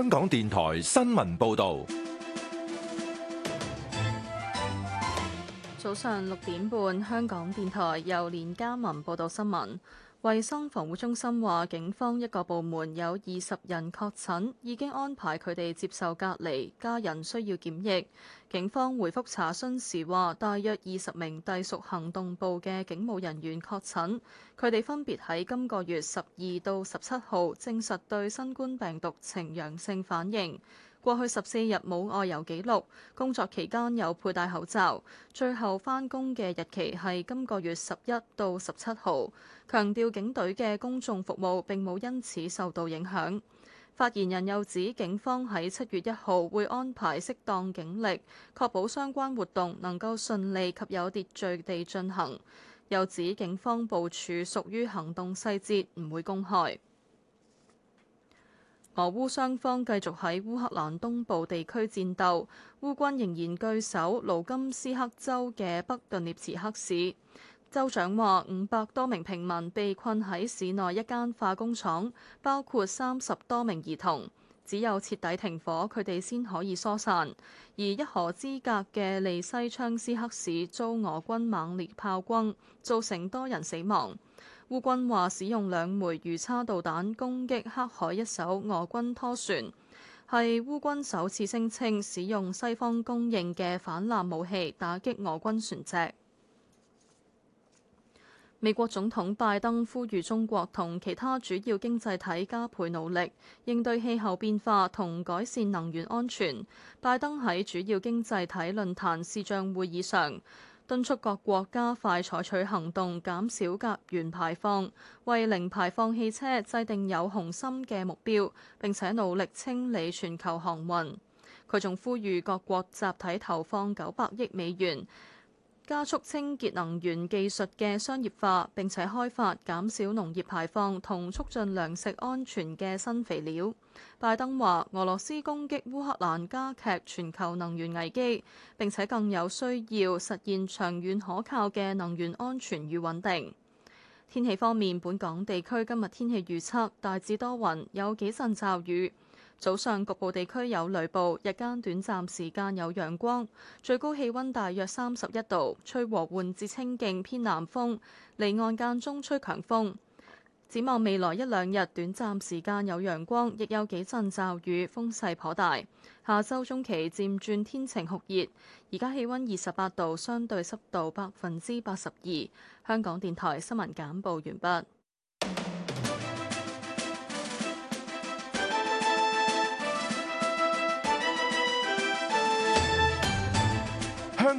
香港電台新聞報道。早上六點半，香港電台由連家文報道新聞。衛生防護中心話，警方一個部門有二十人確診，已經安排佢哋接受隔離，家人需要檢疫。警方回覆查詢時話，大約二十名隸屬行動部嘅警務人員確診，佢哋分別喺今個月十二到十七號證實對新冠病毒呈陽性反應。過去十四日冇外遊記錄，工作期間有佩戴口罩，最後返工嘅日期係今個月十一到十七號。強調警隊嘅公眾服務並冇因此受到影響。發言人又指，警方喺七月一號會安排適當警力，確保相關活動能夠順利及有秩序地進行。又指警方部署屬於行動細節，唔會公開。俄烏雙方繼續喺烏克蘭東部地區戰鬥，烏軍仍然據守盧甘斯克州嘅北頓涅茨克市。州長話，五百多名平民被困喺市內一間化工廠，包括三十多名兒童，只有徹底停火，佢哋先可以疏散。而一河之隔嘅利西昌斯克市遭俄軍猛烈炮轟，造成多人死亡。烏軍話使用兩枚魚叉導彈攻擊黑海一艘俄軍拖船，係烏軍首次聲稱使用西方供應嘅反艦武器打擊俄軍船隻。美國總統拜登呼籲中國同其他主要經濟體加倍努力，應對氣候變化同改善能源安全。拜登喺主要經濟體論壇視像會議上，敦促各國加快採取行動，減少甲烷排放，為零排放汽車制定有雄心嘅目標，並且努力清理全球航運。佢仲呼籲各國集體投放九百億美元，加速清潔能源技術嘅商業化，並且開發減少農業排放同促進糧食安全嘅新肥料。拜登話：俄羅斯攻擊烏克蘭加劇全球能源危機，並且更有需要實現長遠可靠嘅能源安全與穩定。天氣方面，本港地區今日天氣預測大致多雲，有幾陣驟雨。早上局部地區有雷暴，日間短暫時間有陽光，最高氣溫大約三十一度，吹和緩至清勁偏南風，離岸間中吹強風。展望未來一兩日，短暫時間有陽光，亦有幾陣驟雨，風勢頗大。下周中期漸轉天晴酷熱，而家氣溫二十八度，相對濕度百分之八十二。香港電台新聞簡報完畢。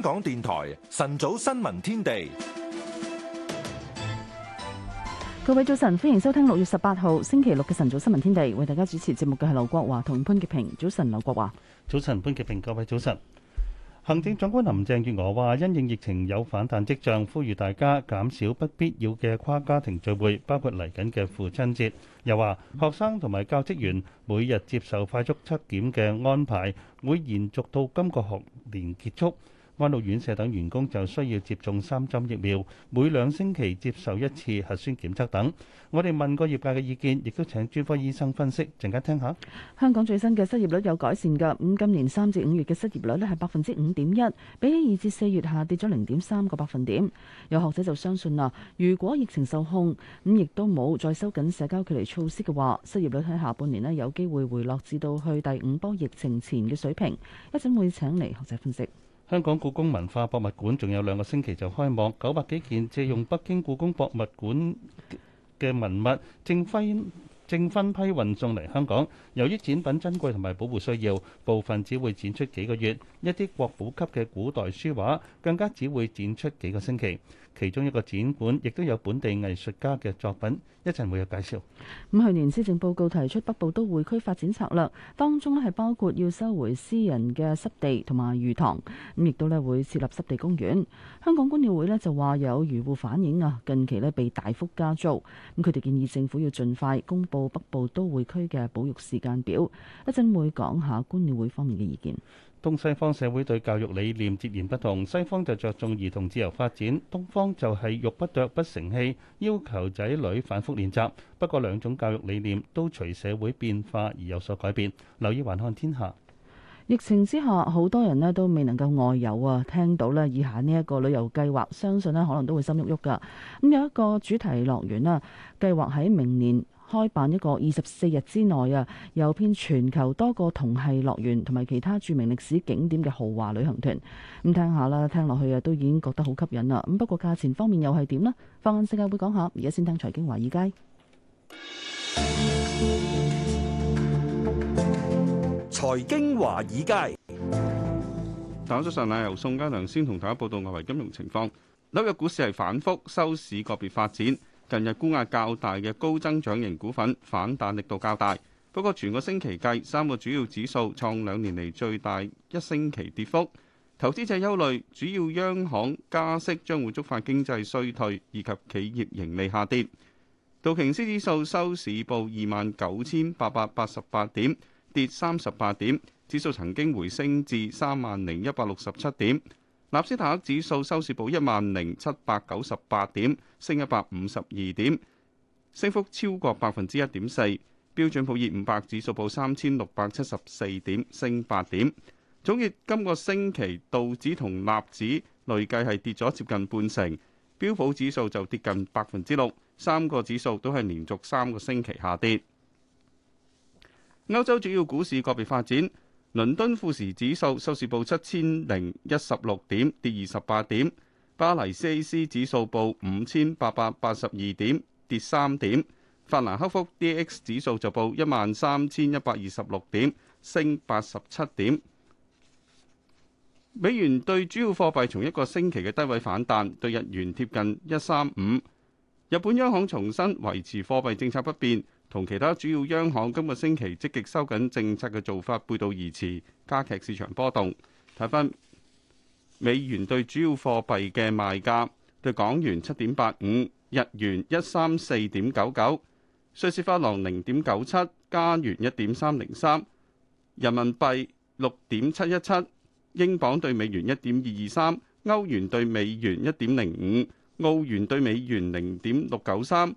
香港電台晨早新聞天地，各位早晨，歡迎收聽六月十八號星期六嘅晨早新聞天地。為大家主持節目嘅係劉國華同潘潔平。早晨，劉國華，早晨，潘潔平。各位早晨。行政長官林鄭月娥話，因應疫情有反彈跡象，呼籲大家減少不必要嘅跨家庭聚會，包括嚟緊嘅父親節。又話學生同埋教職員每日接受快速測檢嘅安排，會延續到今個學年結束。安老院舍等員工就需要接種三針疫苗，每兩星期接受一次核酸檢測等。我哋問過業界嘅意見，亦都請專科醫生分析，陣間聽下。香港最新嘅失業率有改善㗎。咁今年三至五月嘅失業率呢係百分之五點一，比起二至四月下跌咗零點三個百分點。有學者就相信啦，如果疫情受控，咁亦都冇再收緊社交距離措施嘅話，失業率喺下半年呢有機會回落至到去第五波疫情前嘅水平。一陣會請嚟學者分析。香港故宮文化博物館仲有兩個星期就開幕，九百幾件借用北京故宮博物館嘅文物，正分正分批運送嚟香港。由於展品珍貴同埋保護需要，部分只會展出幾個月，一啲國寶級嘅古代書畫更加只會展出幾個星期。其中一個展館亦都有本地藝術家嘅作品，一陣會有介紹。咁去年施政報告提出北部都會區發展策略，當中咧係包括要收回私人嘅濕地同埋魚塘，咁亦都咧會設立濕地公園。香港觀鳥會咧就話有魚戶反映啊，近期咧被大幅加租，咁佢哋建議政府要盡快公布北部都會區嘅保育時間表。講一陣會講下觀鳥會方面嘅意見。東西方社會對教育理念截然不同，西方就着重兒童自由發展，東方就係玉不琢不成器，要求仔女反覆練習。不過兩種教育理念都隨社會變化而有所改變。留意環看天下，疫情之下好多人咧都未能夠外遊啊！聽到咧以下呢一個旅遊計劃，相信咧可能都會心喐喐㗎。咁有一個主題樂園啦，計劃喺明年。開辦一個二十四日之內啊，遊遍全球多個同系樂園同埋其他著名歷史景點嘅豪華旅行團。咁、嗯、聽，聽下啦，聽落去啊都已經覺得好吸引啦。咁不過價錢方面又係點呢？放眼世界會講下。而家先聽財經華爾街。財經華爾街，大家早晨啊！由宋嘉良先同大家報道外圍金融情況。紐約股市係反覆收市，個別發展。近日沽壓較大嘅高增長型股份反彈力度較大，不過全個星期計，三個主要指數創兩年嚟最大一星期跌幅。投資者憂慮，主要央行加息將會觸發經濟衰退以及企業盈利下跌。道瓊斯指數收市報二萬九千八百八十八點，跌三十八點，指數曾經回升至三萬零一百六十七點。納斯達克指數收市報一萬零七百九十八點，升一百五十二點，升幅超過百分之一點四。標準普爾五百指數報三千六百七十四點，升八點。總結今個星期道指同納指累計係跌咗接近半成，標普指數就跌近百分之六，三個指數都係連續三個星期下跌。歐洲主要股市個別發展。倫敦富時指數收市報七千零一十六點，跌二十八點。巴黎 CAC 指數報五千八百八十二點，跌三點。法蘭克福 DAX 指數就報一萬三千一百二十六點，升八十七點。美元對主要貨幣從一個星期嘅低位反彈，對日元貼近一三五。日本央行重申維持貨幣政策不變。同其他主要央行今個星期積極收緊政策嘅做法背道而馳，加劇市場波動。睇返美元對主要貨幣嘅賣價，對港元七點八五，日元一三四點九九，瑞士法郎零點九七，加元一點三零三，人民幣六點七一七，英鎊對美元一點二二三，歐元對美元一點零五，澳元對美元零點六九三。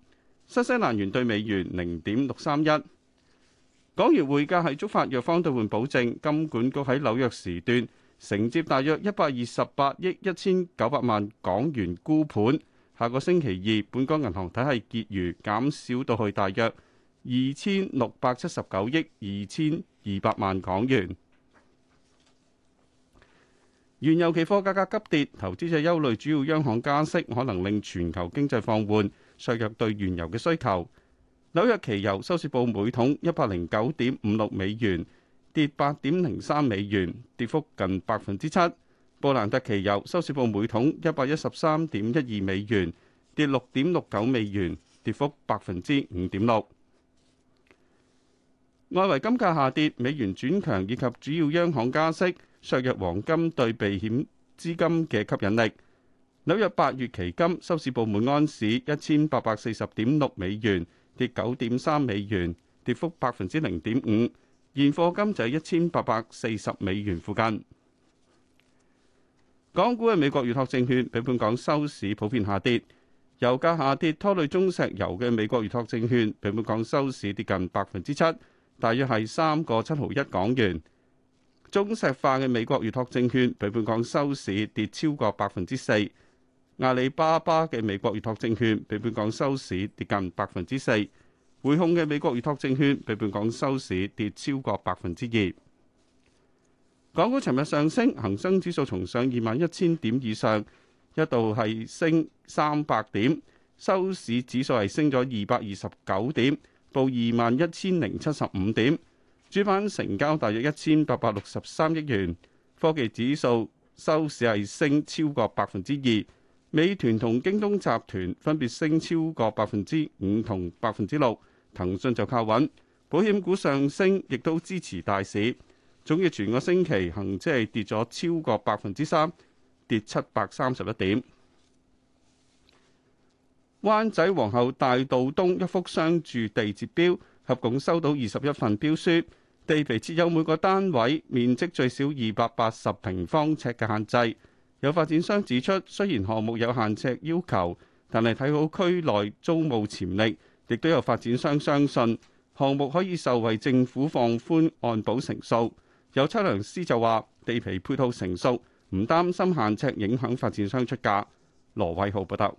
新西蘭元對美元零點六三一，港元匯價係觸發弱方兌換保證。金管局喺紐約時段承接大約一百二十八億一千九百萬港元沽盤。下個星期二，本港銀行體系結餘減少到去大約二千六百七十九億二千二百萬港元。原油期貨價格急跌，投資者憂慮主要央行加息可能令全球經濟放緩，削弱對原油嘅需求。紐約期油收市報每桶一百零九點五六美元，跌八點零三美元，跌幅近百分之七。布蘭特期油收市報每桶一百一十三點一二美元，跌六點六九美元，跌幅百分之五點六。外圍金價下跌，美元轉強以及主要央行加息，削弱黃金對避險資金嘅吸引力。紐約八月期金收市報每盎司一千八百四十點六美元，跌九點三美元，跌幅百分之零點五。現貨金就係一千八百四十美元附近。港股嘅美國預託證券比本港收市普遍下跌，油價下跌拖累中石油嘅美國預託證券比本港收市跌近百分之七，大約係三個七毫一港元。中石化嘅美國預託證券比本港收市跌超過百分之四。阿里巴巴嘅美國預託證券比本港收市跌近百分之四，匯控嘅美國預託證券比本港收市跌超過百分之二。港股尋日上升，恒生指數重上二萬一千點以上，一度係升三百點，收市指數係升咗二百二十九點，報二萬一千零七十五點。主板成交大約一千八百六十三億元。科技指數收市係升超過百分之二。美團同京東集團分別升超過百分之五同百分之六，騰訊就靠穩。保險股上升，亦都支持大市。總結全個星期，恒指係跌咗超過百分之三，跌七百三十一點。灣仔皇后大道東一幅商住地截標，合共收到二十一份標書。地皮設有每個單位面積最少二百八十平方尺嘅限制。有發展商指出，雖然項目有限尺要求，但係睇好區內租務潛力，亦都有發展商相信項目可以受惠政府放寬按保成數。有測量師就話，地皮配套成熟，唔擔心限尺影響發展商出價。羅偉浩報道。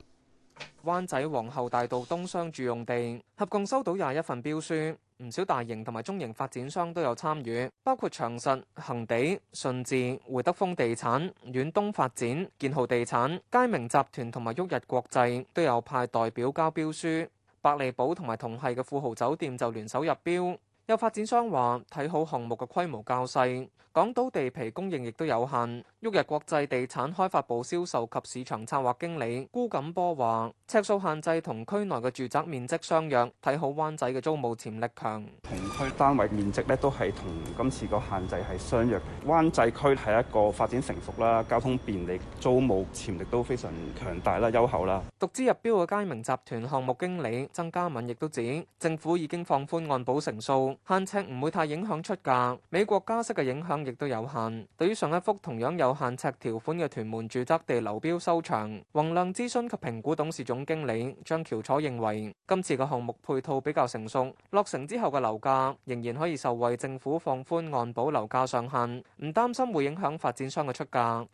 灣仔皇后大道東商住用地合共收到廿一份標書，唔少大型同埋中型發展商都有參與，包括長實、恒地、信置、匯德豐地產、遠東發展、建豪地產、佳明集團同埋旭日國際都有派代表交標書，百利寶同埋同係嘅富豪酒店就聯手入標。有發展商話睇好項目嘅規模較細，港島地皮供應亦都有限。旭日國際地產開發部銷售及市場策劃經理顧錦波話，尺數限制同區內嘅住宅面積相若，睇好灣仔嘅租務潛力強。同區單位面積咧都係同今次個限制係相若，灣仔區係一個發展成熟啦，交通便利，租務潛力都非常強大啦，優厚啦。獨資入標嘅佳明集團項目經理曾嘉敏亦都指，政府已經放寬按保成數。限呎唔會太影響出價，美國加息嘅影響亦都有限。對於上一幅同樣有限呎條款嘅屯門住宅地流標收場，宏亮諮詢及評估董事總經理張喬楚認為，今次嘅項目配套比較成熟，落成之後嘅樓價仍然可以受惠政府放寬按保樓價上限，唔擔心會影響發展商嘅出價。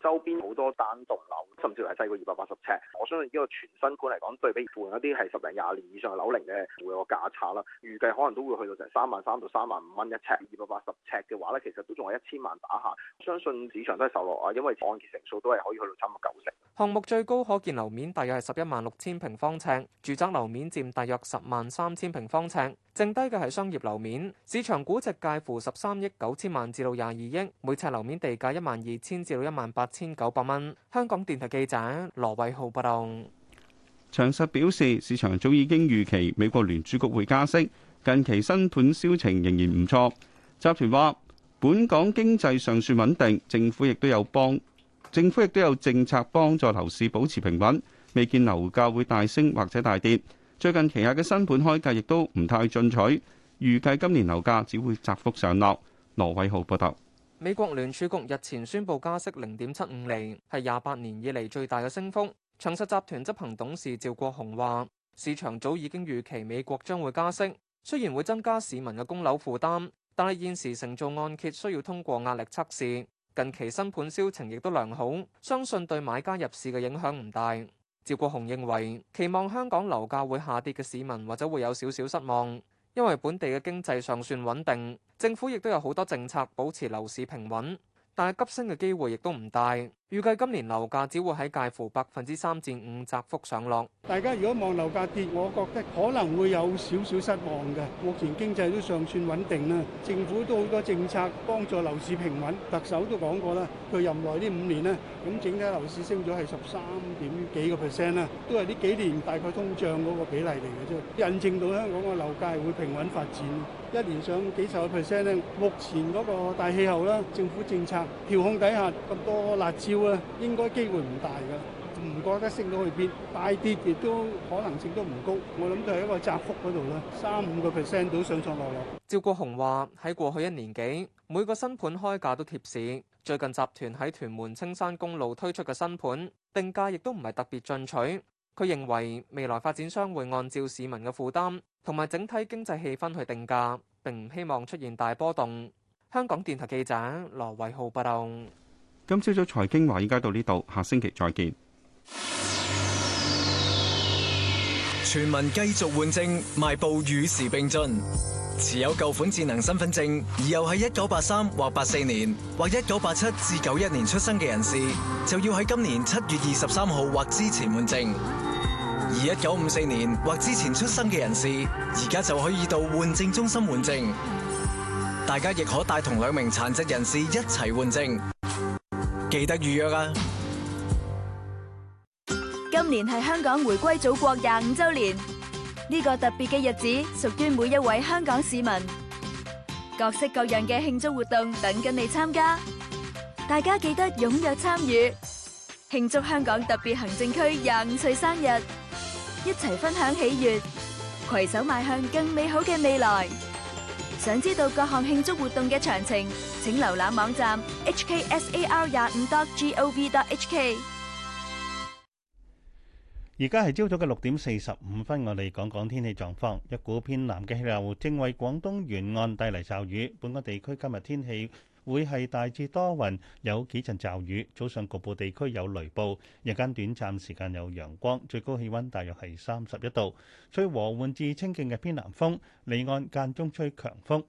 多單棟樓，甚至係低過二百八十尺。我相信呢個全新盤嚟講，對比附近一啲係十零廿年以上嘅樓齡嘅會有個價差啦。預計可能都會去到成三萬三到三萬五蚊一尺，二百八十尺嘅話呢，其實都仲係一千萬打下。相信市場都係受落啊，因為按揭成數都係可以去到差唔多九成。項目最高可建樓面大約係十一萬六千平方尺，住宅樓面佔大約十萬三千平方尺，剩低嘅係商業樓面。市場估值介乎十三億九千萬至到廿二億，每尺樓面地價一萬二千至到一萬八千九百蚊。香港電台記者羅偉浩報道，長實表示，市場早已經預期美國聯儲局會加息，近期新盤銷情仍然唔錯。集團話，本港經濟尚算穩定，政府亦都有幫，政府亦都有政策幫助樓市保持平穩，未見樓價會大升或者大跌。最近旗下嘅新盤開價亦都唔太進取，預計今年樓價只會窄幅上落。羅偉浩報道。美國聯儲局日前宣布，加息零點七五厘，係廿八年以嚟最大嘅升幅。長實集團執行董事趙國雄話，市場早已經預期美國將會加息，雖然會增加市民嘅供樓負擔，但係現時承造按揭需要通過壓力測試，近期新盤銷情亦都良好，相信對買家入市嘅影響唔大。趙國雄認為，期望香港樓價會下跌嘅市民或者會有少少失望。因為本地嘅經濟尚算穩定，政府亦都有好多政策保持樓市平穩，但係急升嘅機會亦都唔大。預計今年樓價只會喺介乎百分之三至五窄幅上落。大家如果望樓價跌，我覺得可能會有少少失望嘅。目前經濟都尚算穩定啦，政府都好多政策幫助樓市平穩。特首都講過啦，佢任內呢五年咧，咁整體樓市升咗係十三點幾個 percent 啦，都係呢幾年大概通脹嗰個比例嚟嘅啫。印證到香港嘅樓價會平穩發展，一年上幾十個 percent 咧。目前嗰個大氣候啦，政府政策調控底下咁多辣招。應該機會唔大㗎，唔覺得升到去邊，大跌亦都可能性都唔高。我諗就係一個窄幅嗰度啦，三五個 percent 到上上落落。趙國雄話：喺過去一年幾每個新盤開價都貼市，最近集團喺屯門青山公路推出嘅新盤定價亦都唔係特別進取。佢認為未來發展商會按照市民嘅負擔同埋整體經濟氣氛去定價，並唔希望出現大波動。香港電台記者羅偉浩報道。今朝早財經話，依家到呢度，下星期再見。全民繼續換證，邁步與時並進。持有舊款智能身份證，而又係一九八三或八四年或一九八七至九一年出生嘅人士，就要喺今年七月二十三號或之前換證。而一九五四年或之前出生嘅人士，而家就可以到換證中心換證。大家亦可帶同兩名殘疾人士一齊換證。記得預約啊！今年係香港回歸祖國廿五周年，呢個特別嘅日子屬於每一位香港市民。各式各樣嘅慶祝活動等緊你參加，大家記得踴躍參與，慶祝香港特別行政區廿五歲生日，一齊分享喜悅，攜手邁向更美好嘅未來。想知道各項慶祝活動嘅詳情，請瀏覽網站 hksar 廿五 .gov.hk。而家係朝早嘅六點四十五分，我哋講講天氣狀況。一股偏南嘅氣流正為廣東沿岸帶嚟驟雨，本港地區今日天氣，會係大致多雲，有幾陣驟雨，早上局部地區有雷暴，日間短暫時間有陽光，最高氣温大約係三十一度，吹和緩至清勁嘅偏南風，離岸間中吹強風。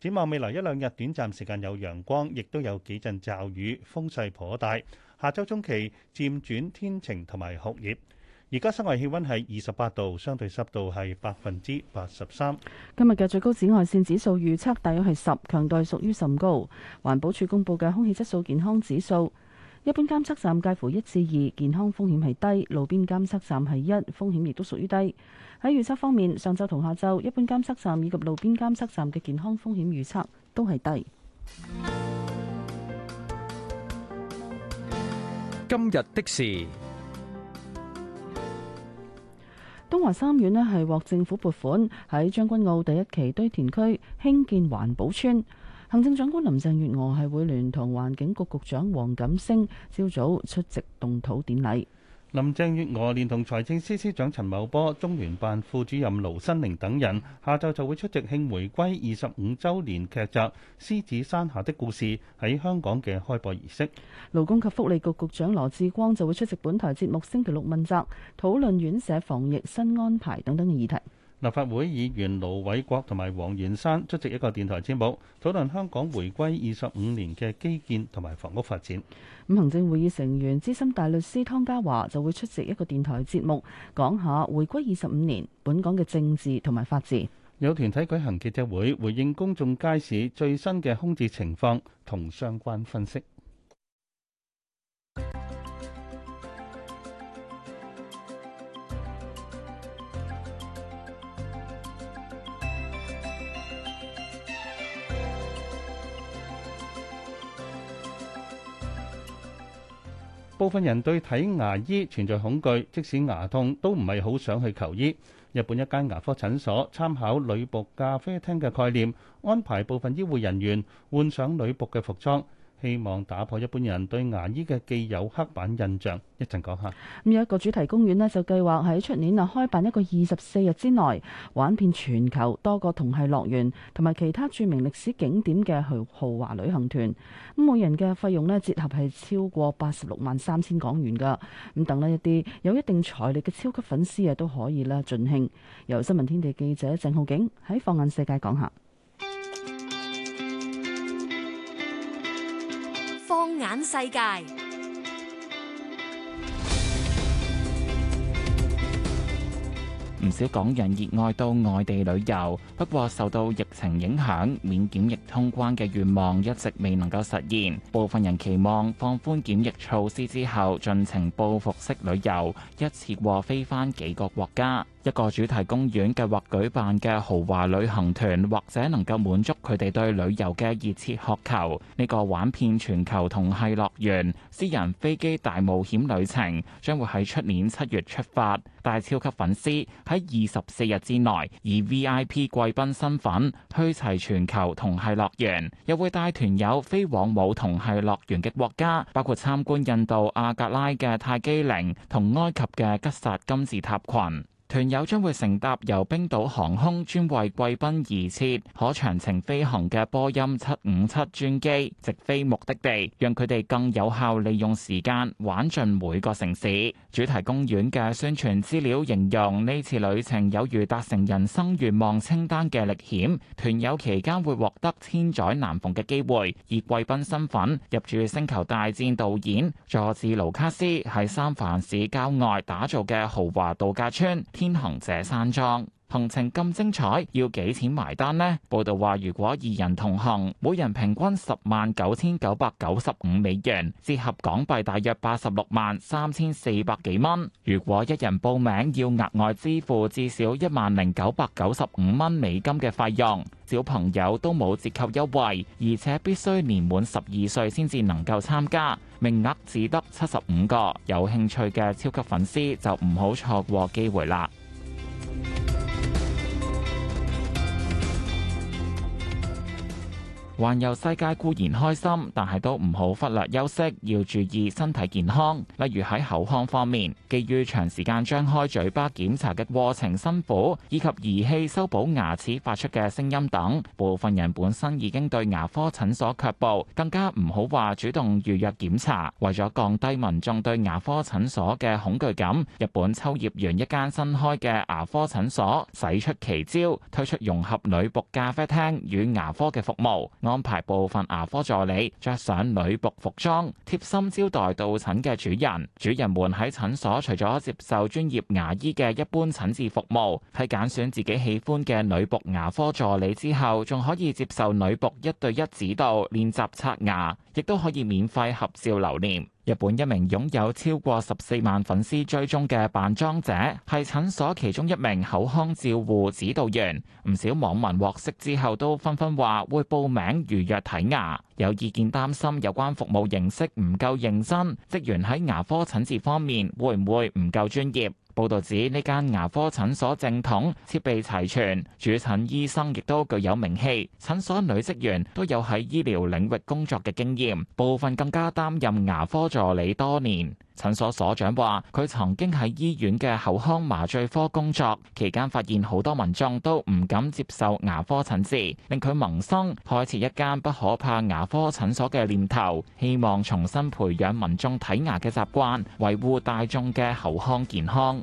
展望未來一兩日，短暫時間有陽光，亦都有幾陣驟雨，風勢頗大。下周中期漸轉天晴同埋酷熱。而家室外氣溫係二十八度，相對濕度係百分之八十三。今日嘅最高紫外線指數預測大約係十，強度屬於甚高。環保署公布嘅空氣質素健康指數，一般監測站介乎一至二，健康風險係低；路邊監測站係一，風險亦都屬於低。喺預測方面，上晝同下晝，一般監測站以及路邊監測站嘅健康風險預測都係低。今日的事。東華三院咧，係獲政府撥款喺將軍澳第一期堆填區興建環保村，行政長官林鄭月娥係會聯同環境局局長黃錦星，朝早出席動土典禮。林鄭月娥連同財政司司長陳茂波、中聯辦副主任盧新寧等人，下晝就會出席慶回歸二十五週年劇集《獅子山下的故事》喺香港嘅開播儀式。勞工及福利局局，局長羅致光就會出席本台節目星期六問責，討論院舍防疫新安排等等嘅議題。立法會議員盧偉國同埋黃元山出席一個電台節目，討論香港回歸二十五年嘅基建同埋房屋發展。咁行政會議成員資深大律師湯家驊就會出席一個電台節目，講下回歸二十五年本港嘅政治同埋法治。有團體舉行記者會，回應公眾街市最新嘅空置情況同相關分析。部分人對睇牙醫存在恐懼，即使牙痛都唔係好想去求醫。日本一間牙科診所參考女僕咖啡廳嘅概念，安排部分醫護人員換上女僕嘅服裝。希望打破一般人對牙醫嘅既有刻板印象。一陣講下，咁有一個主題公園咧，就計劃喺出年啊開辦一個二十四日之內玩遍全球多個同係樂園同埋其他著名歷史景點嘅豪豪華旅行團。每人嘅費用咧，折合係超過八十六萬三千港元噶。咁等咧一啲有一定財力嘅超級粉絲啊，都可以啦盡興。由新聞天地記者鄭浩景喺放眼世界講下。眼世界。唔少港人熱愛到外地旅遊，不過受到疫情影響，免檢疫通關嘅願望一直未能夠實現。部分人期望放寬檢疫措施之後，盡情報復式旅遊，一次過飛翻幾個國家。一個主題公園計劃舉辦嘅豪華旅行團，或者能夠滿足佢哋對旅遊嘅熱切渴求。呢、這個玩遍全球同系樂園、私人飛機大冒險旅程，將會喺出年七月出發。帶超級粉絲喺二十四日之內，以 V.I.P. 貴賓身份去齊全球同系樂園，又會帶團友飛往冇同系樂園嘅國家，包括參觀印度阿格拉嘅泰姬陵同埃及嘅吉薩金字塔群。團友將會乘搭由冰島航空專為貴賓而設、可長程飛行嘅波音七五七專機，直飛目的地，讓佢哋更有效利用時間，玩盡每個城市。主題公園嘅宣傳資料形容呢次旅程有如達成人生願望清單嘅歷險，團友期間會獲得千載難逢嘅機會，以貴賓身份入住星球大戰導演佐治·盧卡斯喺三藩市郊外打造嘅豪華度假村——天行者山莊。行程咁精彩，要幾錢埋單呢？報道話，如果二人同行，每人平均十萬九千九百九十五美元，折合港幣大約八十六萬三千四百幾蚊。如果一人報名，要額外支付至少一萬零九百九十五蚊美金嘅費用。小朋友都冇折扣優惠，而且必須年滿十二歲先至能夠參加，名額只得七十五個。有興趣嘅超級粉絲就唔好錯過機會啦！環遊世界固然開心，但係都唔好忽略休息，要注意身體健康。例如喺口腔方面，基於長時間張開嘴巴檢查嘅過程辛苦，以及儀器修補牙齒發出嘅聲音等，部分人本身已經對牙科診所卻步，更加唔好話主動預約檢查。為咗降低民眾對牙科診所嘅恐懼感，日本秋葉原一間新開嘅牙科診所使出奇招，推出融合女僕咖啡廳與牙科嘅服務。安排部分牙科助理着上女僕服裝，貼心招待到診嘅主人。主人們喺診所除咗接受專業牙醫嘅一般診治服務，喺揀選自己喜歡嘅女僕牙科助理之後，仲可以接受女僕一對一指導練習刷牙，亦都可以免費合照留念。日本一名擁有超過十四萬粉絲追蹤嘅扮裝者，係診所其中一名口腔照護指導員。唔少網民獲悉之後，都紛紛話會報名預約睇牙。有意見擔心有關服務形式唔夠認真，職員喺牙科診治方面會唔會唔夠專業？報道指呢間牙科診所正統，設備齊全，主診醫生亦都具有名氣，診所女職員都有喺醫療領域工作嘅經驗，部分更加擔任牙科助理多年。診所所長話，佢曾經喺醫院嘅口腔麻醉科工作，期間發現好多民眾都唔敢接受牙科診治，令佢萌生開設一間不可怕牙科診所嘅念頭，希望重新培養民眾睇牙嘅習慣，維護大眾嘅口腔健康。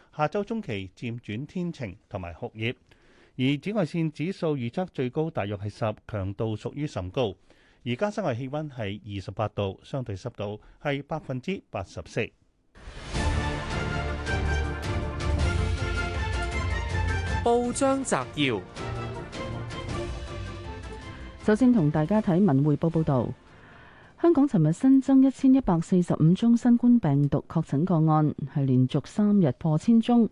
下周中期漸轉天晴同埋酷熱，而紫外線指數預測最高大約係十，強度屬於甚高。而家室外氣溫係二十八度，相對濕度係百分之八十四。報章摘要，首先同大家睇文匯報報道。香港尋日新增一千一百四十五宗新冠病毒確診個案，係連續三日破千宗。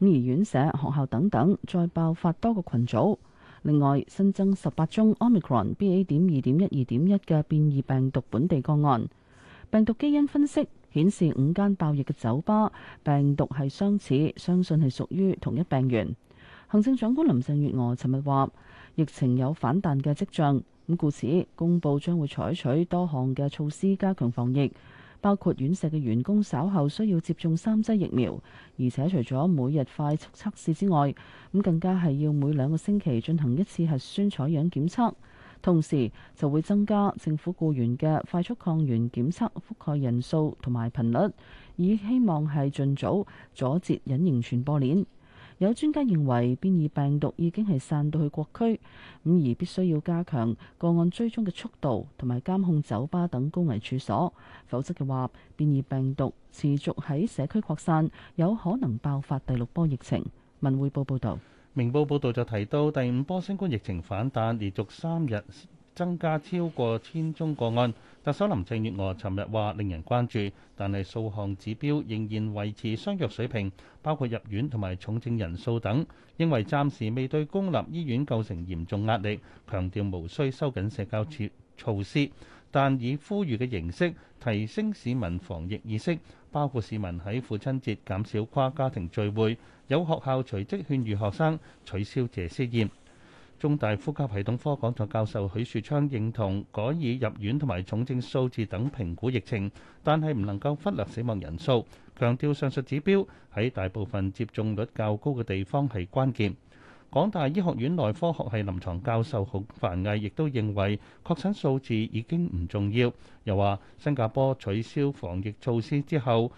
咁而院舍、學校等等再爆發多個群組。另外新增十八宗 Omicron BA. 點二點一二點一嘅變異病毒本地個案。病毒基因分析顯示五間爆疫嘅酒吧病毒係相似，相信係屬於同一病源。行政長官林鄭月娥尋日話：疫情有反彈嘅跡象。故此，公佈將會採取多項嘅措施加強防疫，包括院舍嘅員工稍後需要接種三劑疫苗，而且除咗每日快速測試之外，咁更加係要每兩個星期進行一次核酸採樣檢測，同時就會增加政府僱員嘅快速抗原檢測覆蓋人數同埋頻率，以希望係盡早阻截隱形傳播鏈。有專家認為，變異病毒已經係散到去國區，咁而必須要加強個案追蹤嘅速度，同埋監控酒吧等高危處所，否則嘅話，變異病毒持續喺社區擴散，有可能爆發第六波疫情。文匯報報道，明報報道就提到，第五波新冠疫情反彈，連續三日，增加超過千宗個案，特首林鄭月娥尋日話令人關注，但係數項指標仍然維持相若水平，包括入院同埋重症人數等，認為暫時未對公立醫院構成嚴重壓力，強調無需收緊社交措措施，但以呼籲嘅形式提升市民防疫意識，包括市民喺父親節減少跨家庭聚會，有學校隨即勸喻學生取消謝師宴。中大呼吸系統科講座教授許樹昌認同改以入院同埋重症數字等評估疫情，但係唔能夠忽略死亡人數。強調上述指標喺大部分接種率較高嘅地方係關鍵。港大醫學院內科學系臨床教授孔繁毅亦都認為，確診數字已經唔重要。又話新加坡取消防疫措施之後，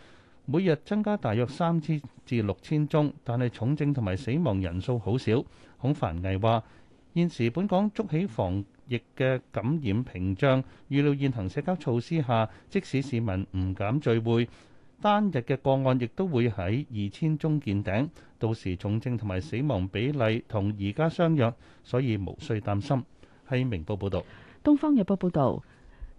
每日增加大約三千至六千宗，但係重症同埋死亡人數好少。孔繁毅話。現時本港築起防疫嘅感染屏障，預料現行社交措施下，即使市民唔敢聚會，單日嘅個案亦都會喺二千宗見頂。到時重症同埋死亡比例同而家相若，所以無需擔心。係明報報道：《東方日報》報道。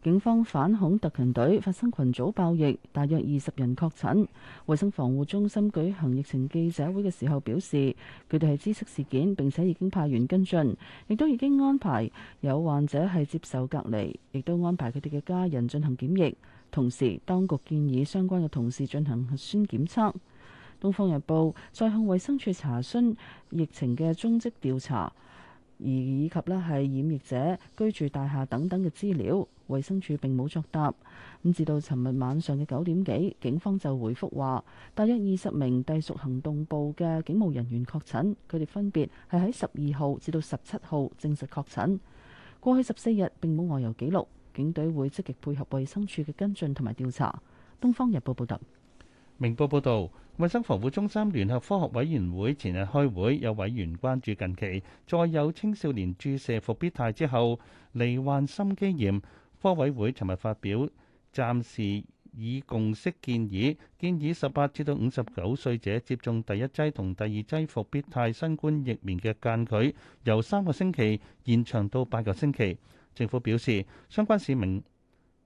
警方反恐特勤隊發生群組爆疫，大約二十人確診。衛生防護中心舉行疫情記者會嘅時候表示，佢哋係知悉事件，並且已經派員跟進，亦都已經安排有患者係接受隔離，亦都安排佢哋嘅家人進行檢疫。同時，當局建議相關嘅同事進行核酸檢測。東方日報再向衛生署查詢疫情嘅蹤跡調查，而以及咧係染疫者居住大廈等等嘅資料。衛生署並冇作答。咁至到尋日晚上嘅九點幾，警方就回覆話，大約二十名隸屬行動部嘅警務人員確診，佢哋分別係喺十二號至到十七號證實確診。過去十四日並冇外遊記錄，警隊會積極配合衛生署嘅跟進同埋調查。東方日報報道，明報報道，衛生防護中心聯合科學委員會前日開會，有委員關注近期再有青少年注射復必泰之後罹患心肌炎。科委會尋日發表，暫時以共識建議，建議十八至到五十九歲者接種第一劑同第二劑復必泰新冠疫苗嘅間距由三個星期延長到八個星期。政府表示，相關市民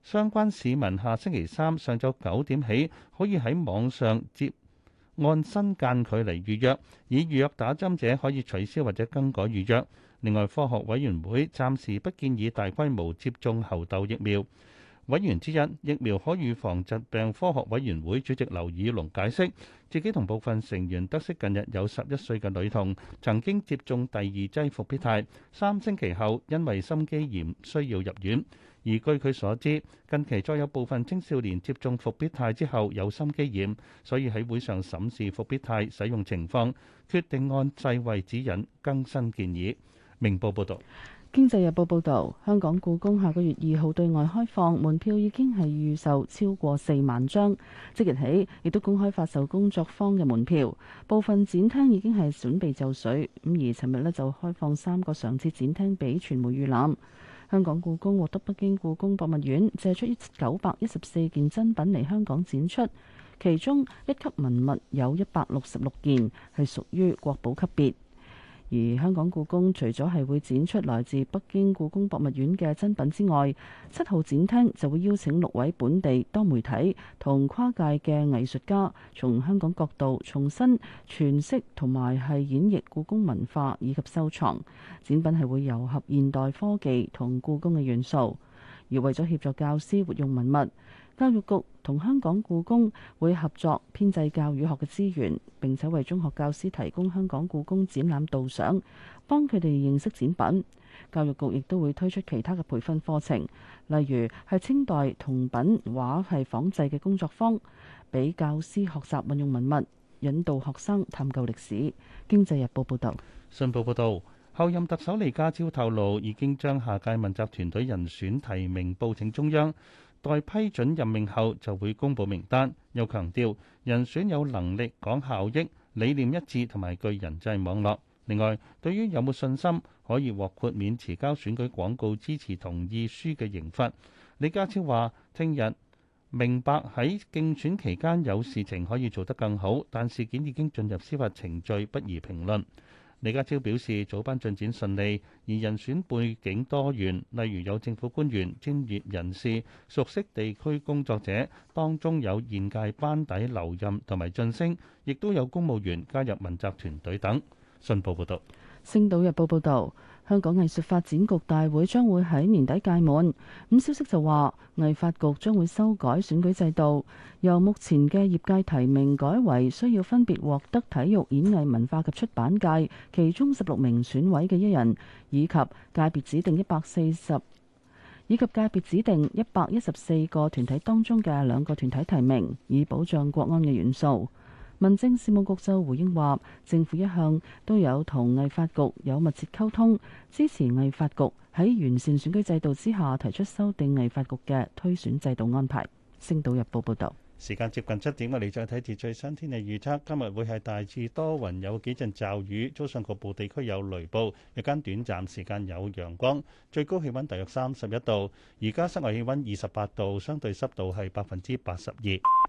相關市民下星期三上晝九點起，可以喺網上接按新間距嚟預約，已預約打針者可以取消或者更改預約。另外，科學委員會暫時不建議大規模接種猴痘疫苗。委員之一疫苗可預防疾病科學委員會主席劉宇龍解釋，自己同部分成員得悉近日有十一歲嘅女童曾經接種第二劑復必泰，三星期後因為心肌炎需要入院。而據佢所知，近期再有部分青少年接種復必泰之後有心肌炎，所以喺會上審視復必泰使用情況，決定按世衞指引更新建議。.明報報導，報道《經濟日報》報導，香港故宮下個月二號對外開放，門票已經係預售超過四萬張。即日起，亦都公開發售工作坊嘅門票。部分展廳已經係準備就緒。咁而尋日呢就開放三個常設展廳俾傳媒預覽。香港故宮獲得北京故宮博物院借出九百一十四件珍品嚟香港展出，其中一級文物有一百六十六件，係屬於國寶級別。而香港故宮除咗係會展出來自北京故宮博物院嘅珍品之外，七號展廳就會邀請六位本地多媒體同跨界嘅藝術家，從香港角度重新詮釋同埋係演繹故宮文化以及收藏展品，係會糅合現代科技同故宮嘅元素。而為咗協助教師活用文物。教育局同香港故宮會合作編製教育學嘅資源，並且為中學教師提供香港故宮展覽導賞，幫佢哋認識展品。教育局亦都會推出其他嘅培訓課程，例如係清代銅品畫係仿製嘅工作坊，俾教師學習運用文物，引導學生探究歷史。經濟日報報道，信報報道，候任特首李家超透露已經將下屆問責團隊人選提名報請中央。待批准任命後，就會公布名單。又強調人選有能力、講效益、理念一致同埋具人際網絡。另外，對於有冇信心可以獲豁免，遲交選舉廣告支持同意書嘅刑罰，李家超話：聽日明白喺競選期間有事情可以做得更好，但事件已經進入司法程序，不宜評論。李家超表示，組班進展順利，而人選背景多元，例如有政府官員、專業人士、熟悉地區工作者，當中有現屆班底留任同埋晉升，亦都有公務員加入問責團隊等。信報報道、星島日報報道。香港藝術發展局大會將會喺年底屆滿，咁消息就話藝發局將會修改選舉制度，由目前嘅業界提名改為需要分別獲得體育、演藝、文化及出版界，其中十六名選委嘅一人，以及界別指定一百四十，以及界別指定一百一十四個團體當中嘅兩個團體提名，以保障國安嘅元素。民政事務局就回應話，政府一向都有同藝發局有密切溝通，支持藝發局喺完善選舉制度之下提出修訂藝發局嘅推選制度安排。星島日報報道：「時間接近七點，我哋再睇住最新天氣預測。今日會係大致多雲，有幾陣驟雨，早上局部地區有雷暴，日間短暫時間有陽光，最高氣温大約三十一度。而家室外氣温二十八度，相對濕度係百分之八十二。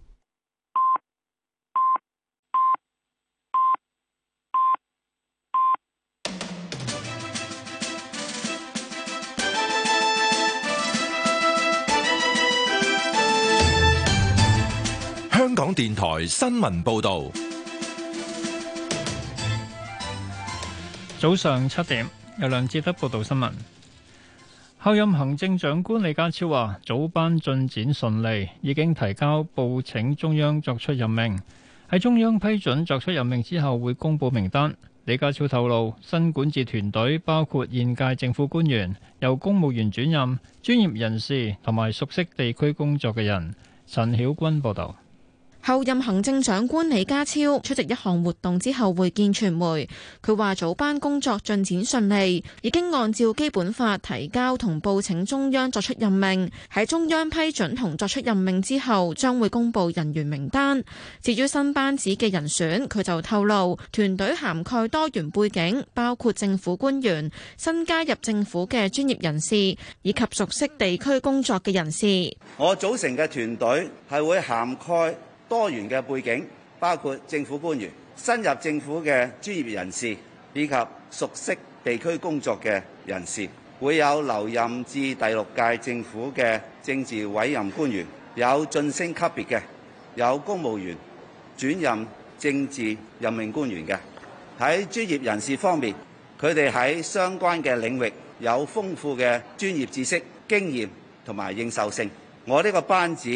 香港電台新聞報道，早上七點由梁志德報道新聞。候任行政長官李家超話，早班進展順利，已經提交報請中央作出任命。喺中央批准作出任命之後，會公布名單。李家超透露，新管治團隊包括現屆政府官員、由公務員轉任專業人士同埋熟悉地區工作嘅人。陳曉君報道。候任行政長官李家超出席一項活動之後會見傳媒，佢話早班工作進展順利，已經按照基本法提交同報請中央作出任命。喺中央批准同作出任命之後，將會公布人員名單。至於新班子嘅人選，佢就透露團隊涵蓋多元背景，包括政府官員、新加入政府嘅專業人士以及熟悉地區工作嘅人士。我組成嘅團隊係會涵蓋多元嘅背景，包括政府官員，新入政府嘅專業人士，以及熟悉地區工作嘅人士。會有留任至第六屆政府嘅政治委任官員，有晉升級別嘅，有公務員轉任政治任命官員嘅。喺專業人士方面，佢哋喺相關嘅領域有豐富嘅專業知識經驗同埋認受性。我呢個班子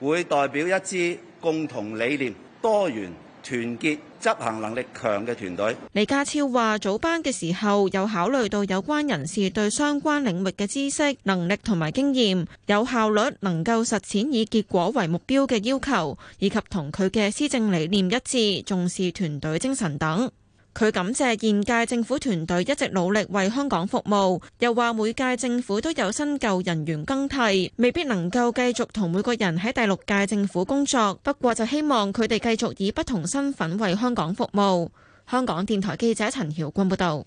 會代表一支。共同理念、多元、團結、執行能力強嘅團隊。李家超話：早班嘅時候，有考慮到有關人士對相關領域嘅知識、能力同埋經驗、有效率、能夠實踐以結果為目標嘅要求，以及同佢嘅施政理念一致、重視團隊精神等。佢感謝現屆政府團隊一直努力為香港服務，又話每屆政府都有新舊人員更替，未必能夠繼續同每個人喺第六屆政府工作。不過就希望佢哋繼續以不同身份為香港服務。香港電台記者陳曉君報導。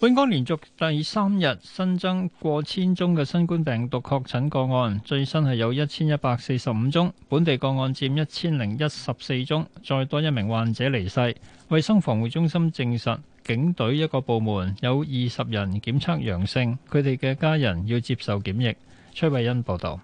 本港連續第三日新增過千宗嘅新冠病毒確診個案，最新係有一千一百四十五宗，本地個案佔一千零一十四宗，再多一名患者離世。衛生防護中心證實，警隊一個部門有二十人檢測陽性，佢哋嘅家人要接受檢疫。崔慧欣報道。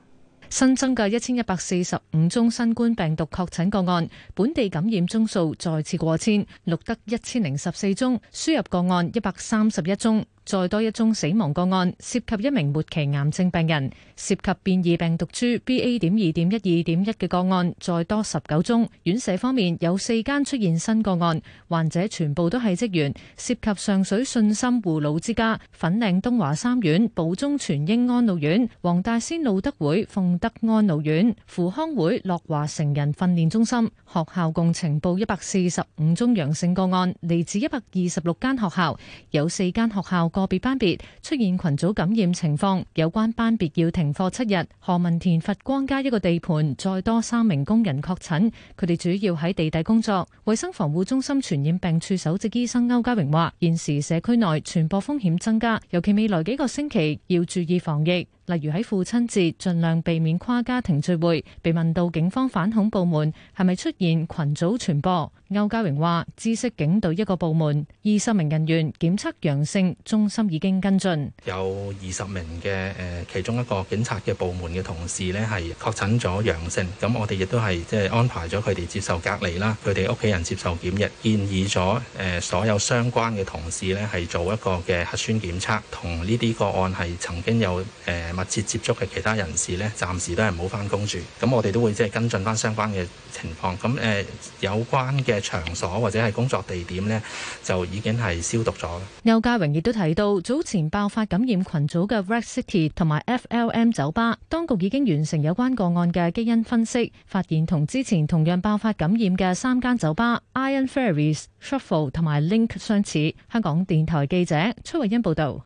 新增嘅一千一百四十五宗新冠病毒確診個案，本地感染宗數再次過千，錄得一千零十四宗，輸入個案一百三十一宗。再多一宗死亡個案，涉及一名末期癌症病人，涉及變異病毒株 B A. 點二點一二點一嘅個案，再多十九宗。院舍方面有四間出現新個案，患者全部都係職員，涉及上水信心護老之家、粉嶺東華三院、寶中全英安老院、黃大仙路德會奉德安老院、扶康會樂華成人訓練中心。學校共呈報一百四十五宗陽性個案，嚟自一百二十六間學校，有四間學校。個別班別出現群組感染情況，有關班別要停課七日。何文田佛光街一個地盤再多三名工人確診，佢哋主要喺地底工作。衛生防護中心傳染病處首席醫生歐家榮話，現時社區內傳播風險增加，尤其未來幾個星期要注意防疫。例如喺父親節，盡量避免跨家庭聚會。被問到警方反恐部門係咪出現群組傳播，歐家榮話：知識警隊一個部門二十名人員檢測陽性，中心已經跟進。有二十名嘅誒、呃、其中一個警察嘅部門嘅同事呢係確診咗陽性，咁我哋亦都係即係安排咗佢哋接受隔離啦，佢哋屋企人接受檢疫，建議咗誒所有相關嘅同事呢係做一個嘅核酸檢測，同呢啲個案係曾經有誒。呃密切接觸嘅其他人士咧，暫時都係冇翻工住。咁我哋都會即係跟進翻相關嘅情況。咁誒、呃、有關嘅場所或者係工作地點呢，就已經係消毒咗啦。歐家榮亦都提到，早前爆發感染群組嘅 Red City 同埋 F L M 酒吧，當局已經完成有關個案嘅基因分析，發現同之前同樣爆發感染嘅三間酒吧 Iron Fairies Shuffle 同埋 Link 相似。香港電台記者崔慧欣報道。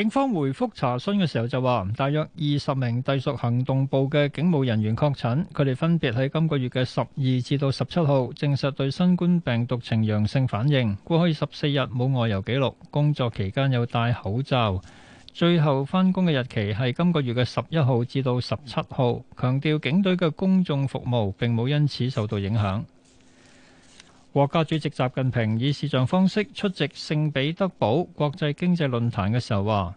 警方回覆查詢嘅時候就話，大約二十名隸屬行動部嘅警務人員確診，佢哋分別喺今個月嘅十二至到十七號證實對新冠病毒呈陽性反應，過去十四日冇外遊記錄，工作期間有戴口罩，最後返工嘅日期係今個月嘅十一號至到十七號，強調警隊嘅公眾服務並冇因此受到影響。國家主席習近平以視像方式出席聖彼得堡國際經濟論壇嘅時候話：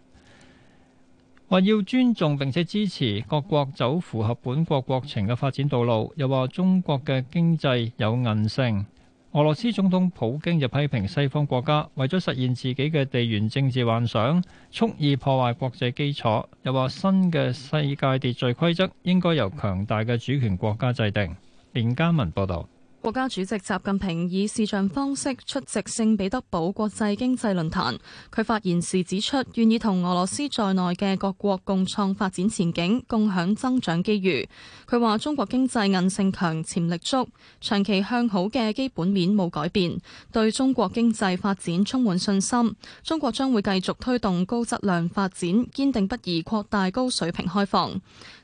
話要尊重並且支持各國走符合本國國情嘅發展道路。又話中國嘅經濟有韌性。俄羅斯總統普京又批評西方國家為咗實現自己嘅地緣政治幻想，蓄意破壞國際基礎。又話新嘅世界秩序規則應該由強大嘅主權國家制定。連嘉文報道。國家主席習近平以視像方式出席聖彼得堡國際經濟論壇。佢發言時指出，願意同俄羅斯在內嘅各國共創發展前景，共享增長機遇。佢話：中國經濟韌性強，潛力足，長期向好嘅基本面冇改變，對中國經濟發展充滿信心。中國將會繼續推動高質量發展，堅定不移擴大高水平開放。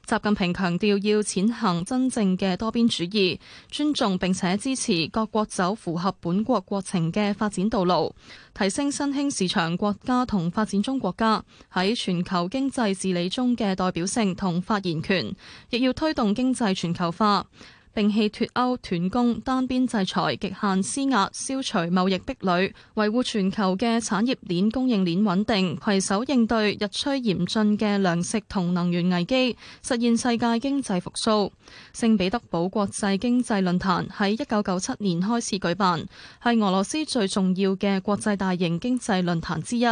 習近平強調要踐行真正嘅多邊主義，尊重並且支持各國走符合本國國情嘅發展道路，提升新興市場國家同發展中國家喺全球經濟治理中嘅代表性同發言權，亦要推動經濟全球化。摒棄脫歐、斷供、單邊制裁、極限施壓、消除貿易壁壘，維護全球嘅產業鏈、供應鏈穩定，攜手應對日趨嚴峻嘅糧食同能源危機，實現世界經濟復甦。聖彼得堡國際經濟論壇喺一九九七年開始舉辦，係俄羅斯最重要嘅國際大型經濟論壇之一。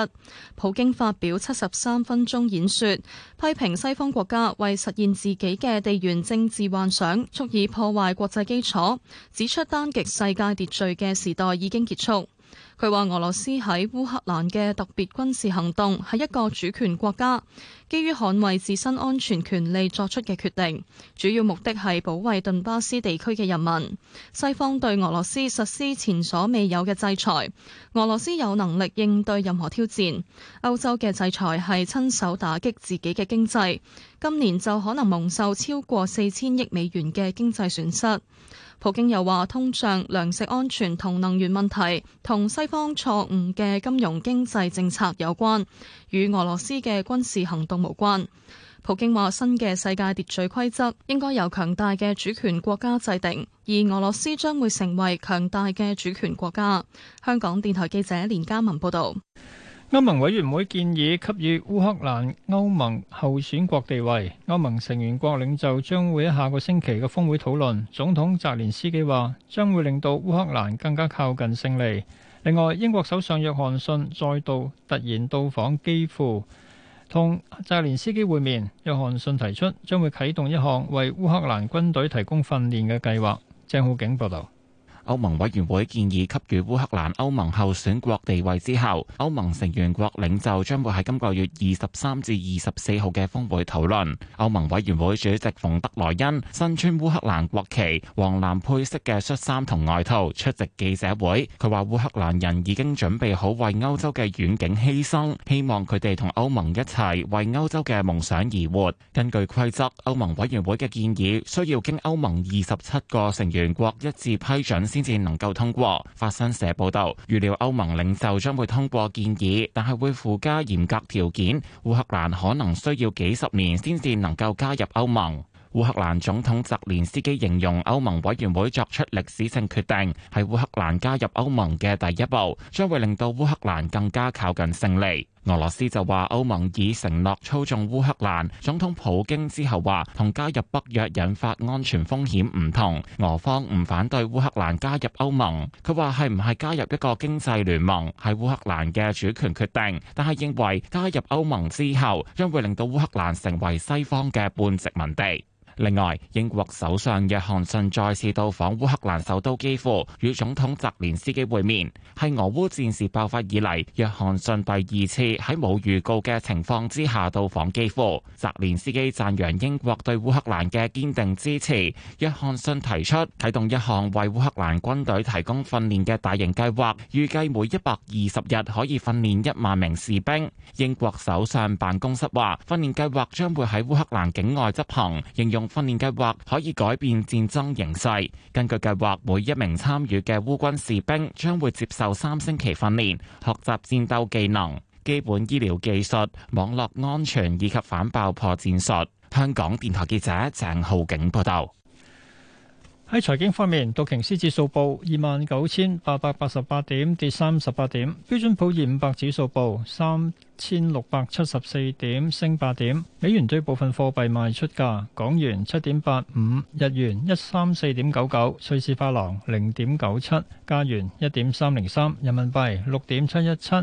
普京發表七十三分鐘演說，批評西方國家為實現自己嘅地緣政治幻想，蓄意破。破壞國際基礎，指出單極世界秩序嘅時代已經結束。佢話，俄羅斯喺烏克蘭嘅特別軍事行動係一個主權國家，基於捍衛自身安全權利作出嘅決定，主要目的係保衛頓巴斯地區嘅人民。西方對俄羅斯實施前所未有嘅制裁，俄羅斯有能力應對任何挑戰。歐洲嘅制裁係親手打擊自己嘅經濟。今年就可能蒙受超過四千億美元嘅經濟損失。普京又話：通脹、糧食安全同能源問題，同西方錯誤嘅金融經濟政策有關，與俄羅斯嘅軍事行動無關。普京話：新嘅世界秩序規則應該由強大嘅主權國家制定，而俄羅斯將會成為強大嘅主權國家。香港電台記者連嘉文報道。歐盟委員會建議給予烏克蘭歐盟候選國地位，歐盟成員國領袖將會喺下個星期嘅峰會討論。總統澤連斯基話，將會令到烏克蘭更加靠近勝利。另外，英國首相約翰遜再度突然到訪基輔，同澤連斯基會面。約翰遜提出將會啟動一項為烏克蘭軍隊提供訓練嘅計劃。鄭浩景報道。歐盟委員會建議給予烏克蘭歐盟候選國地位之後，歐盟成員國領袖將會喺今個月二十三至二十四號嘅峰會討論。歐盟委員會主席馮德萊恩身穿烏克蘭國旗黃藍配色嘅恤衫同外套出席記者會，佢話烏克蘭人已經準備好為歐洲嘅遠景犧牲，希望佢哋同歐盟一齊為歐洲嘅夢想而活。根據規則，歐盟委員會嘅建議需要經歐盟二十七個成員國一致批准先先至能夠通過。法新社報道，預料歐盟領袖將會通過建議，但係會附加嚴格條件。烏克蘭可能需要幾十年先至能夠加入歐盟。烏克蘭總統澤連斯基形容歐盟委員會作出歷史性決定，係烏克蘭加入歐盟嘅第一步，將會令到烏克蘭更加靠近勝利。俄羅斯就話歐盟已承諾操縱烏克蘭。總統普京之後話同加入北約引發安全風險唔同，俄方唔反對烏克蘭加入歐盟。佢話係唔係加入一個經濟聯盟，係烏克蘭嘅主權決定，但係認為加入歐盟之後將會令到烏克蘭成為西方嘅半殖民地。另外，英國首相約翰遜再次到訪烏克蘭首都基輔，與總統澤連斯基會面，係俄烏戰事爆發以嚟約翰遜第二次喺冇預告嘅情況之下到訪基輔。澤連斯基讚揚英國對烏克蘭嘅堅定支持。約翰遜提出啟動一項為烏克蘭軍隊提供訓練嘅大型計劃，預計每一百二十日可以訓練一萬名士兵。英國首相辦公室話，訓練計劃將會喺烏克蘭境外執行，應用。訓練計劃可以改變戰爭形勢。根據計劃，每一名參與嘅烏軍士兵將會接受三星期訓練，學習戰鬥技能、基本醫療技術、網絡安全以及反爆破戰術。香港電台記者鄭浩景報道。喺財經方面，道瓊斯指數報二萬九千八百八十八點，跌三十八點；標準普爾五百指數報三千六百七十四點，升八點。美元對部分貨幣賣出價：港元七點八五，日元一三四點九九，瑞士法郎零點九七，加元一點三零三，人民幣六點七一七，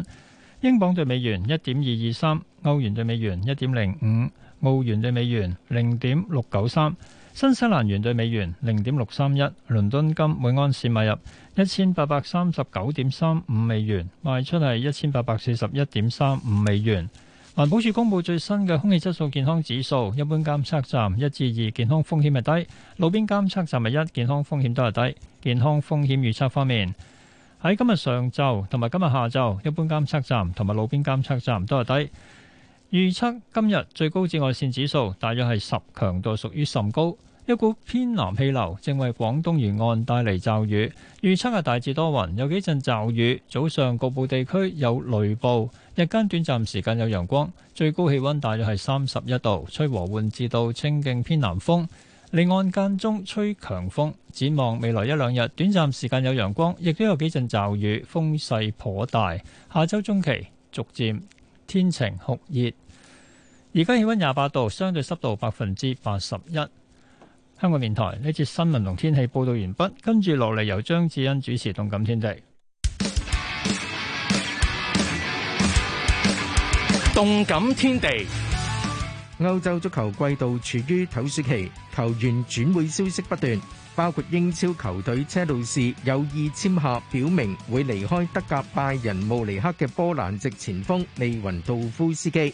英鎊對美元一點二二三，歐元對美元一點零五，澳元對美元零點六九三。新西蘭元對美元零點六三一，倫敦金每安士買入一千八百三十九點三五美元，賣出係一千八百四十一點三五美元。環保署公布最新嘅空氣質素健康指數，一般監測站一至二健康風險係低，路邊監測站係一健康風險都係低。健康風險預測方面，喺今日上晝同埋今日下晝，一般監測站同埋路邊監測站都係低。預測今日最高紫外線指數大約係十，強度屬於甚高。一股偏南氣流正為廣東沿岸帶嚟驟雨，預測係大致多雲，有幾陣驟雨。早上局部地區有雷暴，日間短暫時間有陽光，最高氣温大約係三十一度，吹和緩至到清勁偏南風，離岸間中吹強風。展望未來一兩日，短暫時間有陽光，亦都有幾陣驟雨，風勢頗大。下週中期逐漸天晴酷熱。而家氣溫廿八度，相對濕度百分之八十一。香港電台呢次新聞同天氣報道完畢，跟住落嚟由張子欣主持《動感天地》。《動感天地》歐洲足球季度處於唞暑期，球員轉會消息不斷，包括英超球隊車路士有意簽下表明會離開德甲拜仁慕尼黑嘅波蘭籍前鋒利雲道夫斯基。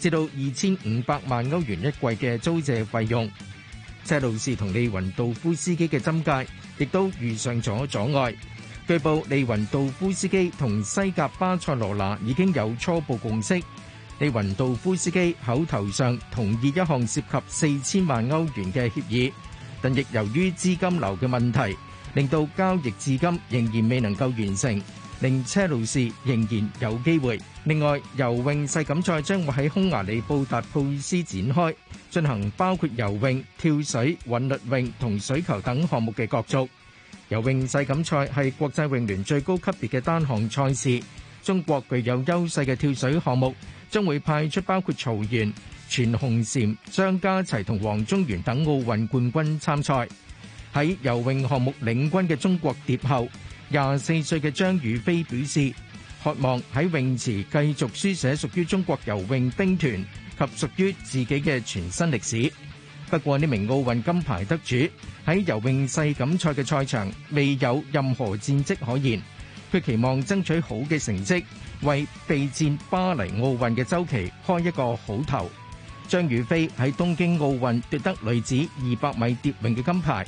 至到二千五百萬歐元一季嘅租借費用，車路士同利雲道夫斯基嘅針芥亦都遇上咗阻礙。據報利雲道夫斯基同西甲巴塞羅那已經有初步共識，利雲道夫斯基口頭上同意一項涉及四千萬歐元嘅協議，但亦由於資金流嘅問題，令到交易至今仍然未能夠完成。令車路士仍然有機會。另外，游泳世錦賽將會喺匈牙利布達佩斯展開，進行包括游泳、跳水、韻律泳同水球等項目嘅角逐。游泳世錦賽係國際泳聯最高級別嘅單項賽事。中國具有優勢嘅跳水項目將會派出包括曹原、全紅嬋、張家齊同王宗源等奧運冠軍參賽。喺游泳項目領軍嘅中國蝶后，廿四歲嘅張雨霏表示，渴望喺泳池繼續書寫屬於中國游泳兵團及屬於自己嘅全新歷史。不過呢名奧運金牌得主喺游泳世錦賽嘅賽場未有任何戰績可言，佢期望爭取好嘅成績，為備戰巴黎奧運嘅週期開一個好頭。張雨霏喺東京奧運奪得女子二百米蝶泳嘅金牌，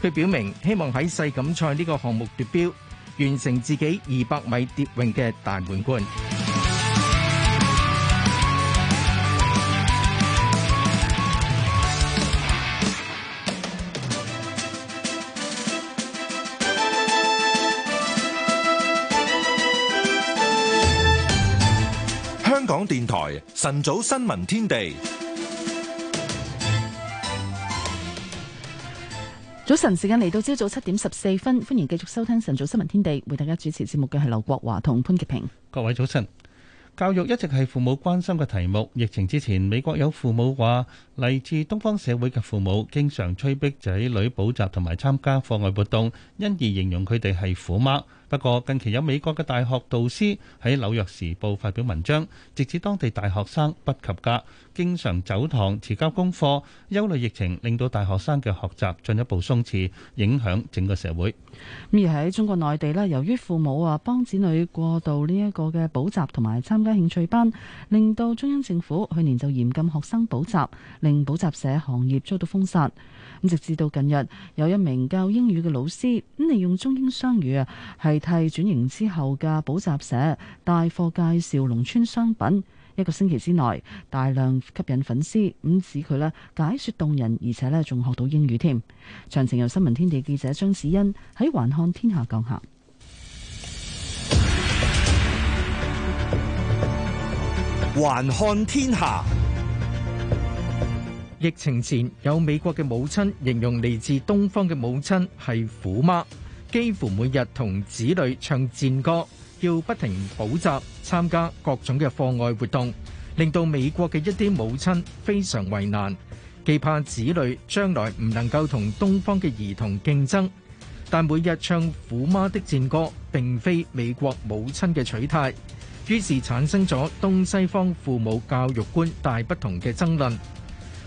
佢表明希望喺世錦賽呢個項目奪標。完成自己二百米蝶泳嘅大滿貫。香港電台晨早新聞天地。早晨，時間嚟到朝早七點十四分，歡迎繼續收聽晨早新聞天地。為大家主持節目嘅係劉國華同潘潔平。各位早晨，教育一直係父母關心嘅題目。疫情之前，美國有父母話，嚟自東方社會嘅父母經常催逼仔女補習同埋參加課外活動，因而形容佢哋係虎媽。不過近期有美國嘅大學導師喺《紐約時報》發表文章，直指當地大學生不及格，經常走堂、遲交功課。憂慮疫情令到大學生嘅學習進一步鬆弛，影響整個社會。咁而喺中國內地咧，由於父母啊幫子女過度呢一個嘅補習同埋參加興趣班，令到中央政府去年就嚴禁學生補習，令補習社行業遭到封殺。直至到近日，有一名教英語嘅老師，咁利用中英雙語啊，係替轉型之後嘅補習社帶貨，介紹農村商品，一個星期之內大量吸引粉絲，咁唔止佢咧解說動人，而且咧仲學到英語添。詳情由新聞天地記者張子欣喺《環看天下》講下，《環看天下》。疫情前，有美國嘅母親形容嚟自東方嘅母親係虎媽，幾乎每日同子女唱戰歌，要不停補習參加各種嘅課外活動，令到美國嘅一啲母親非常為難，既怕子女將來唔能夠同東方嘅兒童競爭，但每日唱虎媽的戰歌並非美國母親嘅取態，於是產生咗東西方父母教育觀大不同嘅爭論。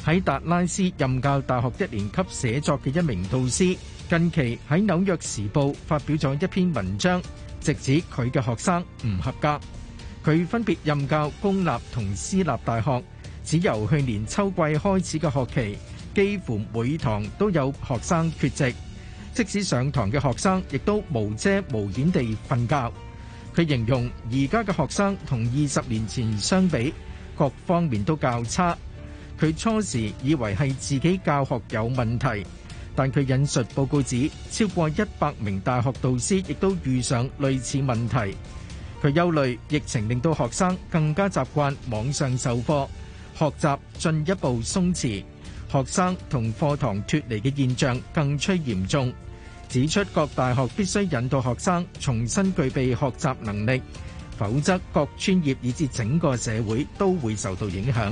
喺達拉斯任教大學一年級寫作嘅一名導師，近期喺《紐約時報》發表咗一篇文章，直指佢嘅學生唔合格。佢分別任教公立同私立大學，只由去年秋季開始嘅學期，幾乎每堂都有學生缺席。即使上堂嘅學生，亦都無遮無掩地瞓覺。佢形容而家嘅學生同二十年前相比，各方面都較差。佢初時以為係自己教學有問題，但佢引述報告指，超過一百名大學導師亦都遇上類似問題。佢憂慮疫情令到學生更加習慣網上授課，學習進一步鬆弛，學生同課堂脱離嘅現象更趨嚴重。指出各大學必須引導學生重新具備學習能力，否則各專業以至整個社會都會受到影響。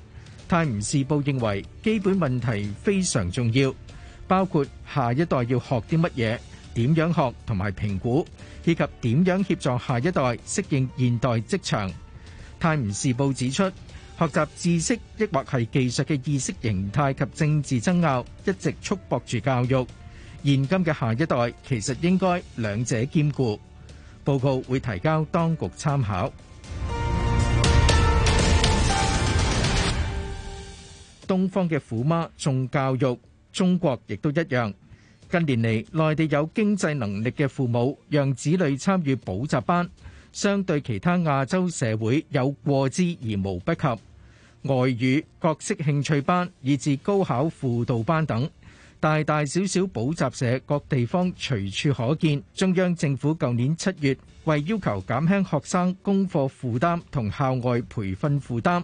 泰晤士報認為基本問題非常重要，包括下一代要學啲乜嘢、點樣學同埋評估，以及點樣協助下一代適應現代職場。泰晤士報指出，學習知識，抑或係技術嘅意識形態及政治爭拗一直束縛住教育。現今嘅下一代其實應該兩者兼顧。報告會提交當局參考。東方嘅虎媽重教育，中國亦都一樣。近年嚟，內地有經濟能力嘅父母讓子女參與補習班，相對其他亞洲社會有過之而無不及。外語、各式興趣班以至高考輔導班等，大大小小補習社各地方隨處可見。中央政府舊年七月為要求減輕學生功課負擔同校外培訓負擔。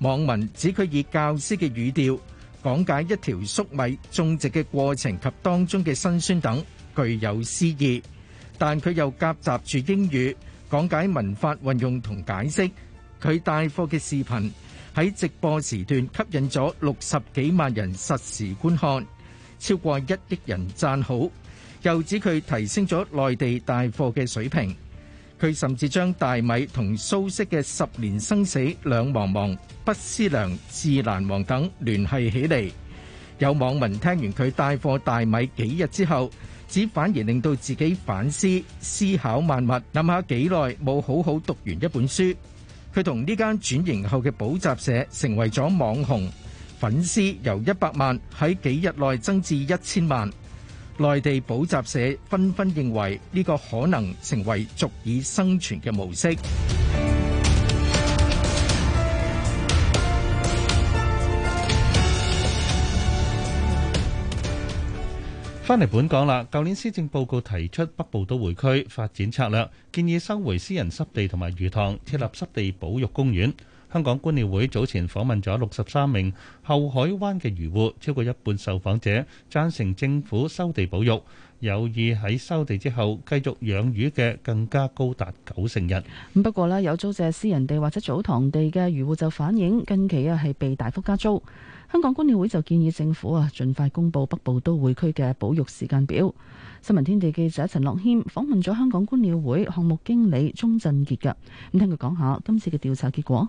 網民指佢以教師嘅語調講解一條粟米種植嘅過程及當中嘅辛酸等，具有詩意。但佢又夾雜住英語講解文法運用同解釋。佢帶貨嘅視頻喺直播時段吸引咗六十幾萬人實時觀看，超過一億人讚好。又指佢提升咗內地帶貨嘅水平。佢甚至將大米同蘇軾嘅十年生死兩茫茫、不思量，自難忘等聯繫起嚟。有網民聽完佢帶貨大米幾日之後，只反而令到自己反思思考萬物，諗下幾耐冇好好讀完一本書。佢同呢間轉型後嘅補習社成為咗網紅，粉絲由一百萬喺幾日內增至一千萬。內地補習社紛紛認為呢個可能成為足以生存嘅模式。翻嚟本港啦，舊年施政報告提出北部都會區發展策略，建議收回私人濕地同埋魚塘，設立濕地保育公園。香港觀鳥會早前訪問咗六十三名後海灣嘅漁戶，超過一半受訪者贊成政府收地保育，有意喺收地之後繼續養魚嘅更加高達九成人。不過咧，有租借私人地或者祖堂地嘅漁戶就反映近期啊係被大幅加租。香港觀鳥會就建議政府啊盡快公布北部都會區嘅保育時間表。新聞天地記者陳樂謙訪問咗香港觀鳥會項目經理鐘振傑嘅，咁，聽佢講下今次嘅調查結果。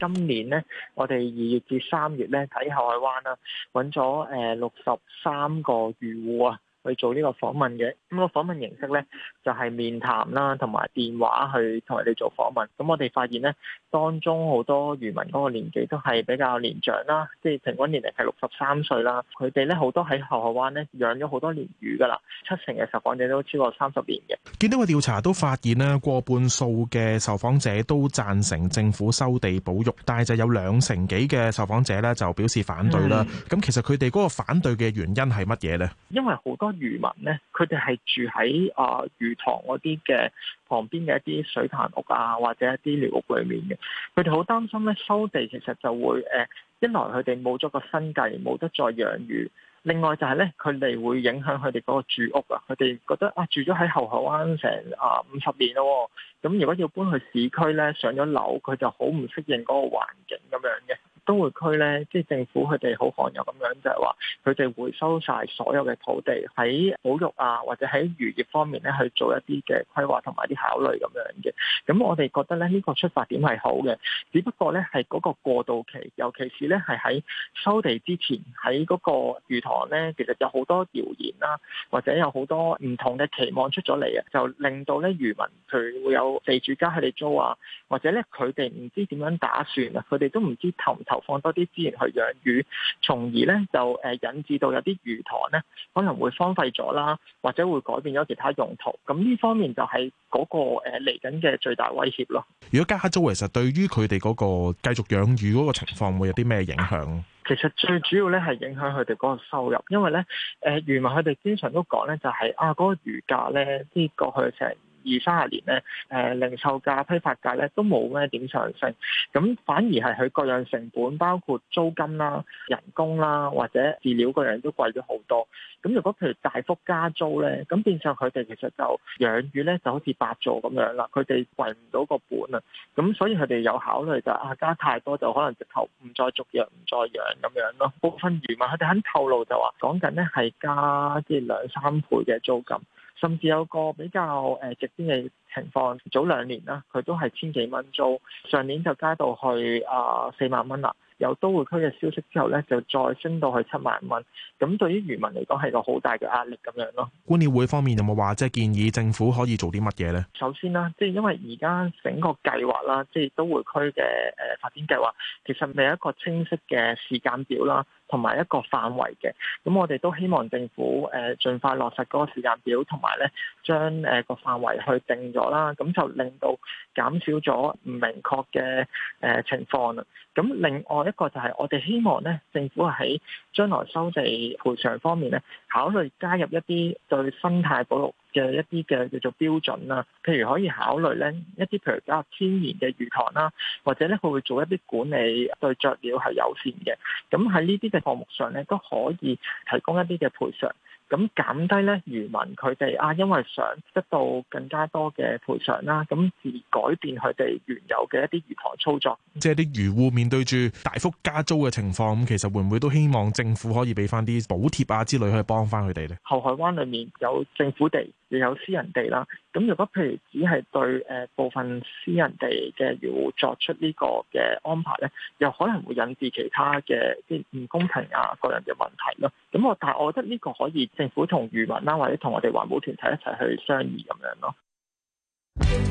今年咧，我哋二月至三月咧喺后海灣啦，揾咗誒六十三個漁戶啊。去做呢個訪問嘅，咁、嗯、個訪問形式呢，就係、是、面談啦，同埋電話去同佢哋做訪問。咁我哋發現呢，當中好多漁民嗰個年紀都係比較年長啦，即係平均年齡係六十三歲啦。佢哋呢，好多喺后海灣呢養咗好多年魚噶啦，七成嘅受訪者都超過三十年嘅。見到個調查都發現呢，過半數嘅受訪者都贊成政府收地保育，但係就有兩成幾嘅受訪者呢，就表示反對啦。咁、嗯、其實佢哋嗰個反對嘅原因係乜嘢呢？因為好多漁民呢，佢哋係住喺啊、呃、魚塘嗰啲嘅旁邊嘅一啲水塘屋啊，或者一啲寮屋裏面嘅，佢哋好擔心呢，收地其實就會誒、呃，一來佢哋冇咗個生計，冇得再養魚，另外就係呢，佢哋會影響佢哋嗰個住屋啊，佢哋覺得啊，住咗喺后海灣成啊五十年咯、哦，咁如果要搬去市區呢，上咗樓，佢就好唔適應嗰個環境咁樣嘅。都會區咧，即係政府佢哋好罕有咁樣，就係話佢哋回收晒所有嘅土地喺保育啊，或者喺漁業方面咧，去做一啲嘅規劃同埋啲考慮咁樣嘅。咁我哋覺得咧，呢個出發點係好嘅，只不過咧係嗰個過渡期，尤其是咧係喺收地之前，喺嗰個漁塘咧，其實有好多謠言啦、啊，或者有好多唔同嘅期望出咗嚟啊，就令到咧漁民佢會有地主加佢哋租啊，或者咧佢哋唔知點樣打算啊，佢哋都唔知投。投放多啲資源去養魚，從而咧就誒引致到有啲魚塘咧可能會荒廢咗啦，或者會改變咗其他用途。咁呢方面就係嗰個誒嚟緊嘅最大威脅咯。如果加克州其實對於佢哋嗰個繼續養魚嗰個情況會有啲咩影響？其實最主要咧係影響佢哋嗰個收入，因為咧誒漁民佢哋經常都講咧就係、是、啊嗰、嗰個魚價咧跌過去成，這個二三十年咧，誒、呃、零售價、批發價咧都冇咩點上升，咁反而係佢各樣成本，包括租金啦、人工啦，或者飼料各樣都貴咗好多。咁如果譬如大幅加租咧，咁變相佢哋其實就養魚咧就好似白做咁樣啦，佢哋攢唔到個本啊。咁所以佢哋有考慮就是、啊加太多就可能直頭唔再續約，唔再養咁樣咯。部分漁民，佢哋肯透露就話講緊咧係加即係兩三倍嘅租金。甚至有個比較誒極端嘅情況，早兩年啦，佢都係千幾蚊租，上年就加到去啊四萬蚊啦。有都會區嘅消息之後咧，就再升到去七萬蚊。咁對於漁民嚟講係個好大嘅壓力咁樣咯。觀鳥會方面有冇話即係建議政府可以做啲乜嘢咧？首先啦，即係因為而家整個計劃啦，即係都會區嘅誒發展計劃，其實未有一個清晰嘅時間表啦。同埋一個範圍嘅，咁我哋都希望政府誒、呃、盡快落實嗰個時間表，同埋咧將誒個範圍去定咗啦，咁就令到減少咗唔明確嘅誒、呃、情況啦。咁另外一個就係、是、我哋希望咧，政府喺將來收地賠償方面咧，考慮加入一啲對生態保育。嘅一啲嘅叫做標準啦，譬如可以考慮咧一啲譬如比較天然嘅魚塘啦，或者咧佢會做一啲管理對雀鳥係友善嘅，咁喺呢啲嘅項目上咧都可以提供一啲嘅賠償。咁減低咧漁民佢哋啊，因為想得到更加多嘅賠償啦，咁而改變佢哋原有嘅一啲漁塘操作。即係啲漁戶面對住大幅加租嘅情況，咁其實會唔會都希望政府可以俾翻啲補貼啊之類去幫翻佢哋咧？後海灣裏面有政府地，亦有私人地啦。咁如果譬如只係對誒部分私人地嘅要作出呢個嘅安排咧，又可能會引致其他嘅即唔公平啊，個人嘅問題咯。咁我但係我覺得呢個可以政府同漁民啦，或者同我哋環保團體一齊去商議咁樣咯。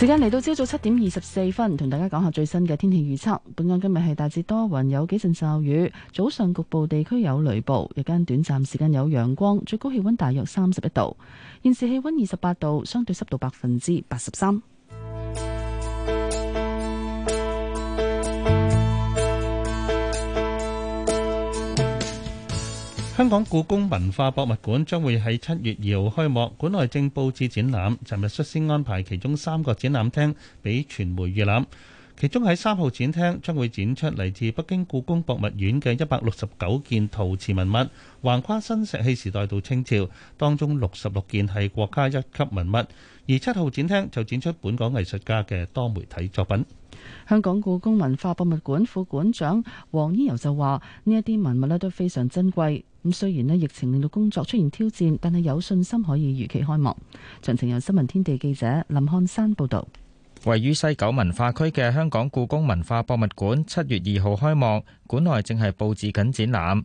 時間嚟到朝早七點二十四分，同大家講下最新嘅天氣預測。本港今日係大致多雲，有幾陣驟雨，早上局部地區有雷暴，日間短暫時間有陽光，最高氣温大約三十一度。現時氣温二十八度，相對濕度百分之八十三。香港故宮文化博物館將會喺七月二號開幕，館內正布置展覽。尋日率先安排其中三個展覽廳俾傳媒預覽，其中喺三號展廳將會展出嚟自北京故宮博物院嘅一百六十九件陶瓷文物，橫跨新石器時代到清朝，當中六十六件係國家一級文物。而七號展廳就展出本港藝術家嘅多媒體作品。香港故宮文化博物館副館長黃依柔就話：呢一啲文物咧都非常珍貴。咁雖然咧疫情令到工作出現挑戰，但係有信心可以如期開幕。詳情由新聞天地記者林漢山報道。位於西九文化區嘅香港故宮文化博物館七月二號開幕，館內正係佈置緊展覽。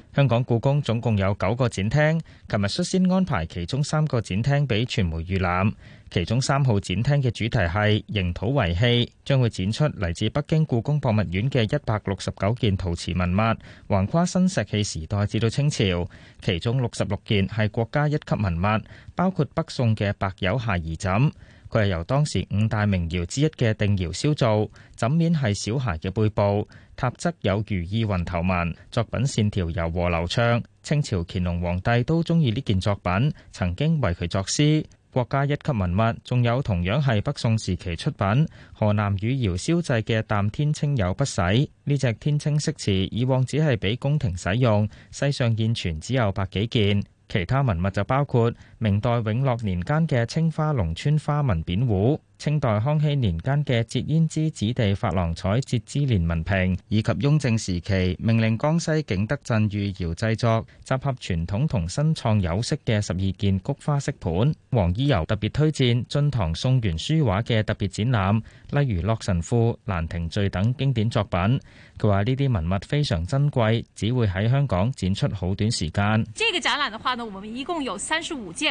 香港故宮總共有九個展廳，琴日率先安排其中三個展廳俾傳媒預覽。其中三號展廳嘅主題係凝土為器，將會展出嚟自北京故宮博物院嘅一百六十九件陶瓷文物，橫跨新石器時代至到清朝，其中六十六件係國家一級文物，包括北宋嘅白釉孩兒枕。佢係由當時五大名窯之一嘅定窯燒造，枕面係小孩嘅背部，塔側有如意雲頭紋，作品線條柔和流暢。清朝乾隆皇帝都中意呢件作品，曾經為佢作詩。國家一級文物，仲有同樣係北宋時期出品，河南汝窯燒製嘅淡天青釉筆洗。呢隻天青色瓷以往只係俾宮廷使用，世上現存只有百幾件。其他文物就包括。明代永樂年間嘅青花龍穿花紋扁壺，清代康熙年間嘅折胭脂紫地珐琅彩折枝蓮紋瓶，以及雍正時期命令江西景德鎮御窯製作，集合傳統同新創釉色嘅十二件菊花式盤。黃依柔特別推薦晉唐宋元書畫嘅特別展覽，例如《洛神賦》《蘭亭序》等經典作品。佢話呢啲文物非常珍貴，只會喺香港展出好短時間。這個展覽的話呢，我們一共有三十五件。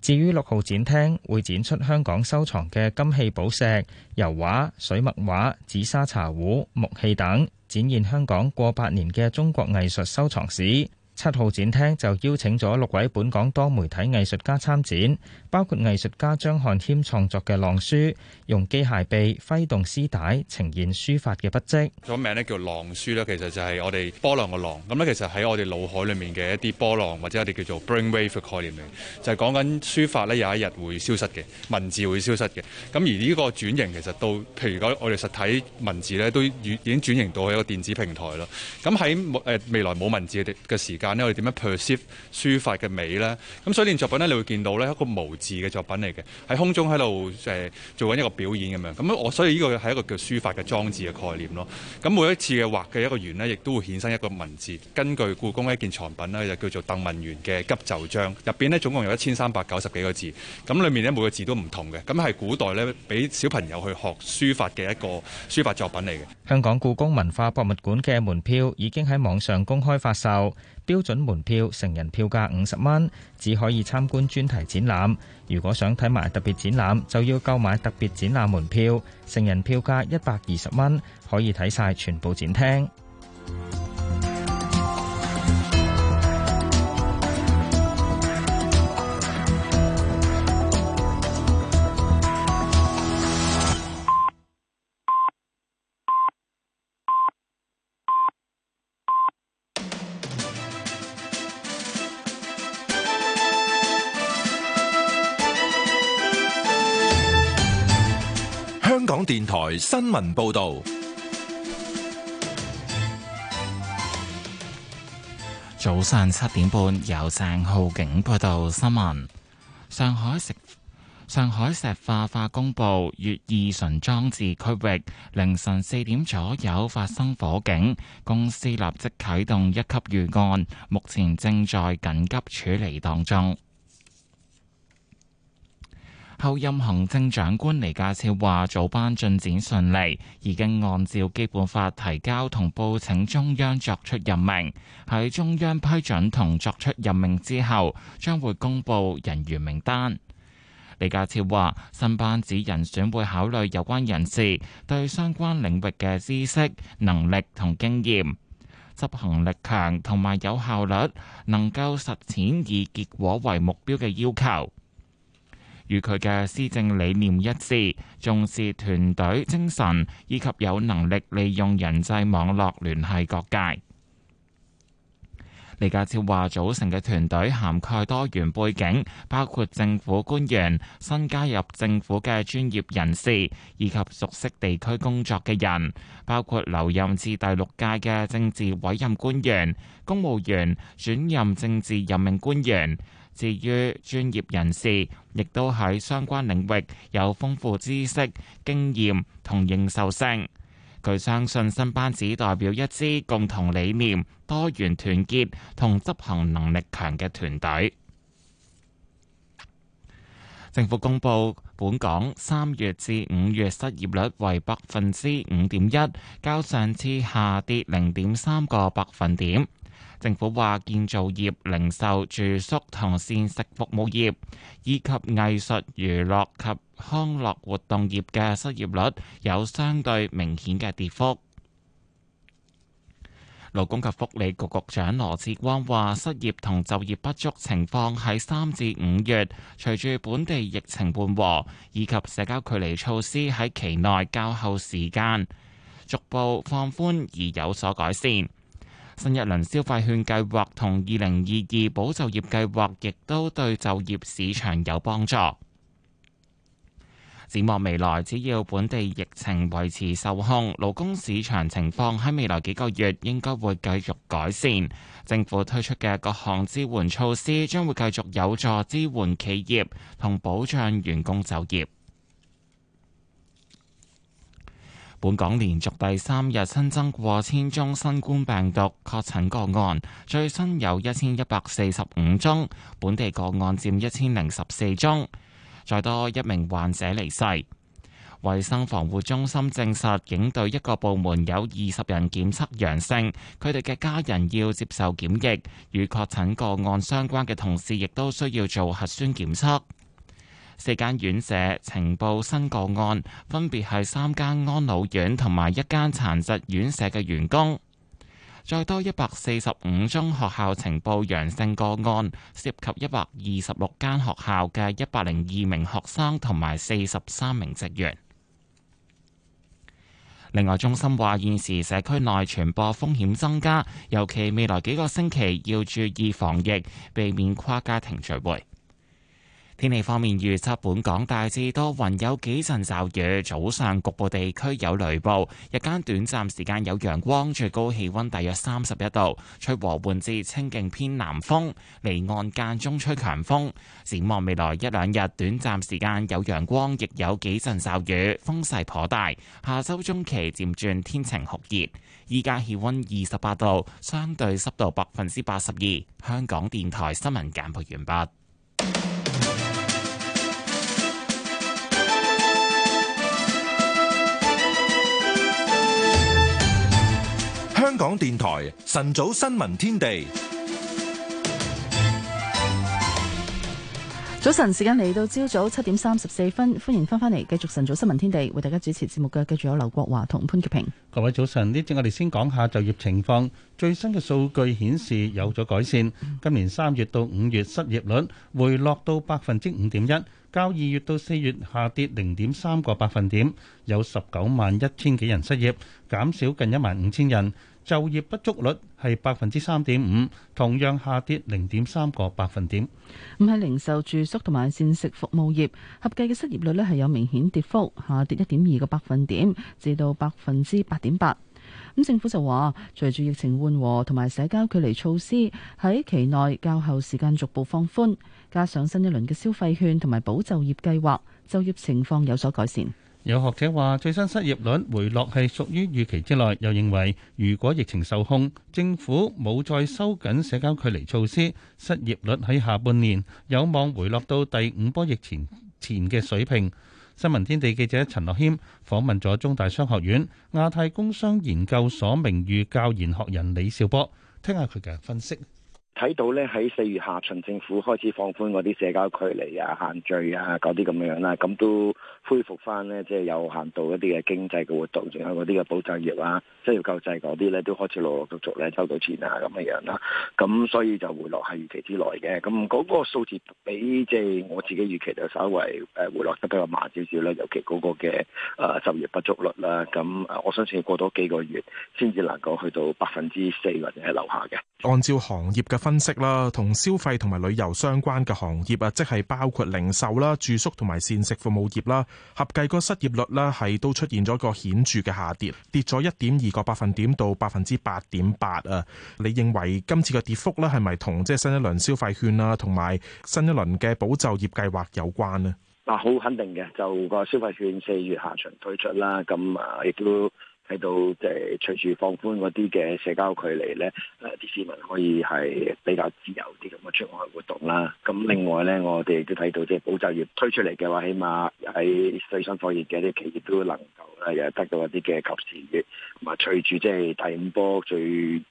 至於六號展廳會展出香港收藏嘅金器、寶石、油畫、水墨畫、紫砂茶壺、木器等，展現香港過百年嘅中國藝術收藏史。七號展廳就邀請咗六位本港多媒體藝術家參展。包括藝術家張漢謙創作嘅浪書，用機械臂揮動絲帶呈現書法嘅筆跡。咁名呢，叫浪書呢，其實就係我哋波浪嘅浪。咁呢，其實喺我哋腦海裏面嘅一啲波浪，或者我哋叫做 brain wave 概念嚟，就係講緊書法呢有一日會消失嘅，文字會消失嘅。咁而呢個轉型其實到譬如我哋實體文字呢，都已已經轉型到一個電子平台啦。咁喺誒未來冇文字嘅嘅時間咧，我哋點樣 perceive 書法嘅美呢？咁所以呢件作品呢，你會見到呢一個無。字嘅作品嚟嘅，喺空中喺度誒做緊一個表演咁樣。咁我所以呢個係一個叫書法嘅裝置嘅概念咯。咁每一次嘅畫嘅一個圓呢，亦都會衍生一個文字。根據故宮一件藏品呢，就叫做鄧文原嘅急就章，入邊呢，總共有一千三百九十幾個字。咁裏面呢，每個字都唔同嘅。咁係古代呢，俾小朋友去學書法嘅一個書法作品嚟嘅。香港故宮文化博物館嘅門票已經喺網上公開發售。標準門票成人票價五十蚊，只可以參觀專題展覽。如果想睇埋特別展覽，就要購買特別展覽門票，成人票價一百二十蚊，可以睇晒全部展廳。香港電台新聞報道，早上七點半由鄭浩景報道新聞。上海石上海石化化工部越義純裝置區域凌晨四點左右發生火警，公司立即啟動一級預案，目前正在緊急處理當中。候任行政長官李家超話，早班進展順利，已經按照基本法提交同報請中央作出任命。喺中央批准同作出任命之後，將會公布人員名單。李家超話，新班子人選會考慮有關人士對相關領域嘅知識、能力同經驗，執行力強同埋有效率，能夠實踐以結果為目標嘅要求。與佢嘅施政理念一致，重視團隊精神以及有能力利用人際網絡聯繫各界。李家超話：組成嘅團隊涵蓋多元背景，包括政府官員、新加入政府嘅專業人士以及熟悉地區工作嘅人，包括留任至第六屆嘅政治委任官員、公務員轉任政治任命官員。至於專業人士，亦都喺相關領域有豐富知識、經驗同認受性。佢相信新班子代表一支共同理念、多元團結同執行能力強嘅團隊。政府公布本港三月至五月失業率為百分之五點一，較上次下跌零點三個百分點。政府話，建造業、零售、住宿同膳食服務業，以及藝術、娛樂及康樂活動業嘅失業率有相對明顯嘅跌幅。勞工及福利局局長羅致光話，失業同就業不足情況喺三至五月，隨住本地疫情緩和，以及社交距離措施喺期內較後時間逐步放寬而有所改善。新一輪消費券計劃同二零二二保就業計劃，亦都對就業市場有幫助。展望未來，只要本地疫情維持受控，勞工市場情況喺未來幾個月應該會繼續改善。政府推出嘅各項支援措施，將會繼續有助支援企業同保障員工就業。本港連續第三日新增過千宗新冠病毒確診個案，最新有一千一百四十五宗，本地個案佔一千零十四宗，再多一名患者離世。衛生防護中心證實，警隊一個部門有二十人檢測陽性，佢哋嘅家人要接受檢疫，與確診個案相關嘅同事亦都需要做核酸檢測。四間院舍呈報新個案，分別係三間安老院同埋一間殘疾院舍嘅員工。再多一百四十五宗學校呈報陽性個案，涉及一百二十六間學校嘅一百零二名學生同埋四十三名職員。另外，中心話現時社區內傳播風險增加，尤其未來幾個星期要注意防疫，避免跨家庭聚會。天氣方面預測，本港大致多雲，有幾陣驟雨，早上局部地區有雷暴，日間短暫時間有陽光，最高氣溫大約三十一度，吹和緩至清勁偏南風，離岸間中吹強風。展望未來一兩日，短暫時間有陽光，亦有幾陣驟雨，風勢頗大。下周中期漸轉天晴酷熱，依家氣溫二十八度，相對濕度百分之八十二。香港電台新聞簡報完畢。香港電台晨早新聞天地，早晨時間嚟到，朝早七點三十四分，歡迎翻返嚟，繼續晨早新聞天地，為大家主持節目嘅，繼續有劉國華同潘潔平。各位早晨，呢節我哋先講下就業情況。最新嘅數據顯示有咗改善，今年三月到五月失業率回落到百分之五點一，較二月到四月下跌零點三個百分點，有十九萬一千幾人失業，減少近一萬五千人。就業不足率係百分之三點五，同樣下跌零點三個百分點。咁喺零售、住宿同埋膳食服務業合計嘅失業率呢係有明顯跌幅，下跌一點二個百分點，至到百分之八點八。咁政府就話，隨住疫情緩和同埋社交距離措施喺期內較後時間逐步放寬，加上新一輪嘅消費券同埋保就業計劃，就業情況有所改善。有學者話最新失業率回落係屬於預期之內，又認為如果疫情受控，政府冇再收緊社交距離措施，失業率喺下半年有望回落到第五波疫情前嘅水平。新聞天地記者陳樂軒訪問咗中大商學院亞太工商研究所名譽教研學人李兆波，聽下佢嘅分析。睇到咧，喺四月下旬政府開始放寬嗰啲社交距離啊、限聚啊、嗰啲咁樣啦，咁都恢復翻咧，即係有限度一啲嘅經濟嘅活動，仲有嗰啲嘅保就業啊，即係要救濟嗰啲咧，都開始陸陸續續咧收到錢啊，咁嘅樣啦。咁所以就回落係預期之內嘅。咁嗰個數字比即係、就是、我自己預期就稍為誒回落得比較慢少少啦。尤其嗰個嘅誒就業不足率啦。咁我相信要過多幾個月先至能夠去到百分之四或者係留下嘅。按照行業嘅分析啦，同消費同埋旅遊相關嘅行業啊，即係包括零售啦、住宿同埋膳食服務業啦。合計個失業率呢，係都出現咗個顯著嘅下跌，跌咗一點二個百分點到百分之八點八啊！你認為今次嘅跌幅咧係咪同即係新一輪消費券啦，同埋新一輪嘅保就業計劃有關呢？嗱、啊，好肯定嘅，就個消費券四月下旬推出啦，咁啊亦都。睇到即係隨住放寬嗰啲嘅社交距離咧，誒啲市民可以係比較自由啲咁嘅出外活動啦。咁另外咧，我哋都睇到即係保就業推出嚟嘅話，起碼喺水深火熱嘅啲企業都能夠咧，又得到一啲嘅及時嘅。咁啊，隨住即係第五波最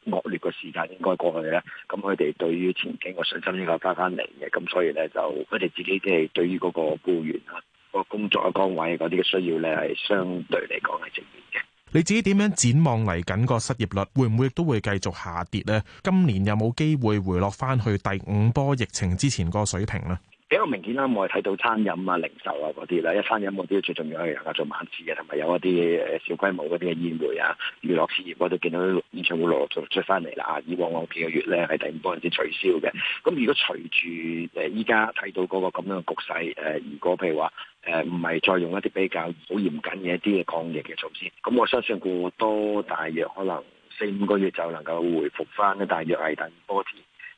惡劣嘅時間應該過去咧，咁佢哋對於前景嘅信心應該加返嚟嘅。咁所以咧，就佢哋自己即係對於嗰個僱員啊，個工作嘅崗位嗰啲嘅需要咧，係相對嚟講係正面嘅。你自己點樣展望嚟緊個失業率會唔會都會繼續下跌咧？今年有冇機會回落翻去第五波疫情之前個水平咧？比較明顯啦，我哋睇到餐飲啊、零售啊嗰啲啦，一餐飲嗰啲最重要係大家做晚市嘅，同埋有一啲誒小規模嗰啲嘅宴會啊、娛樂事業我都見到演唱會陸陸續續出翻嚟啦。以往我幾個月咧係第五波先取消嘅。咁如果隨住誒依家睇到嗰個咁樣嘅局勢，誒如果譬如話，誒唔係再用一啲比較好嚴謹嘅一啲嘅抗疫嘅措施，咁我相信過多大約可能四五個月就能夠回復翻，呢大約係等多次，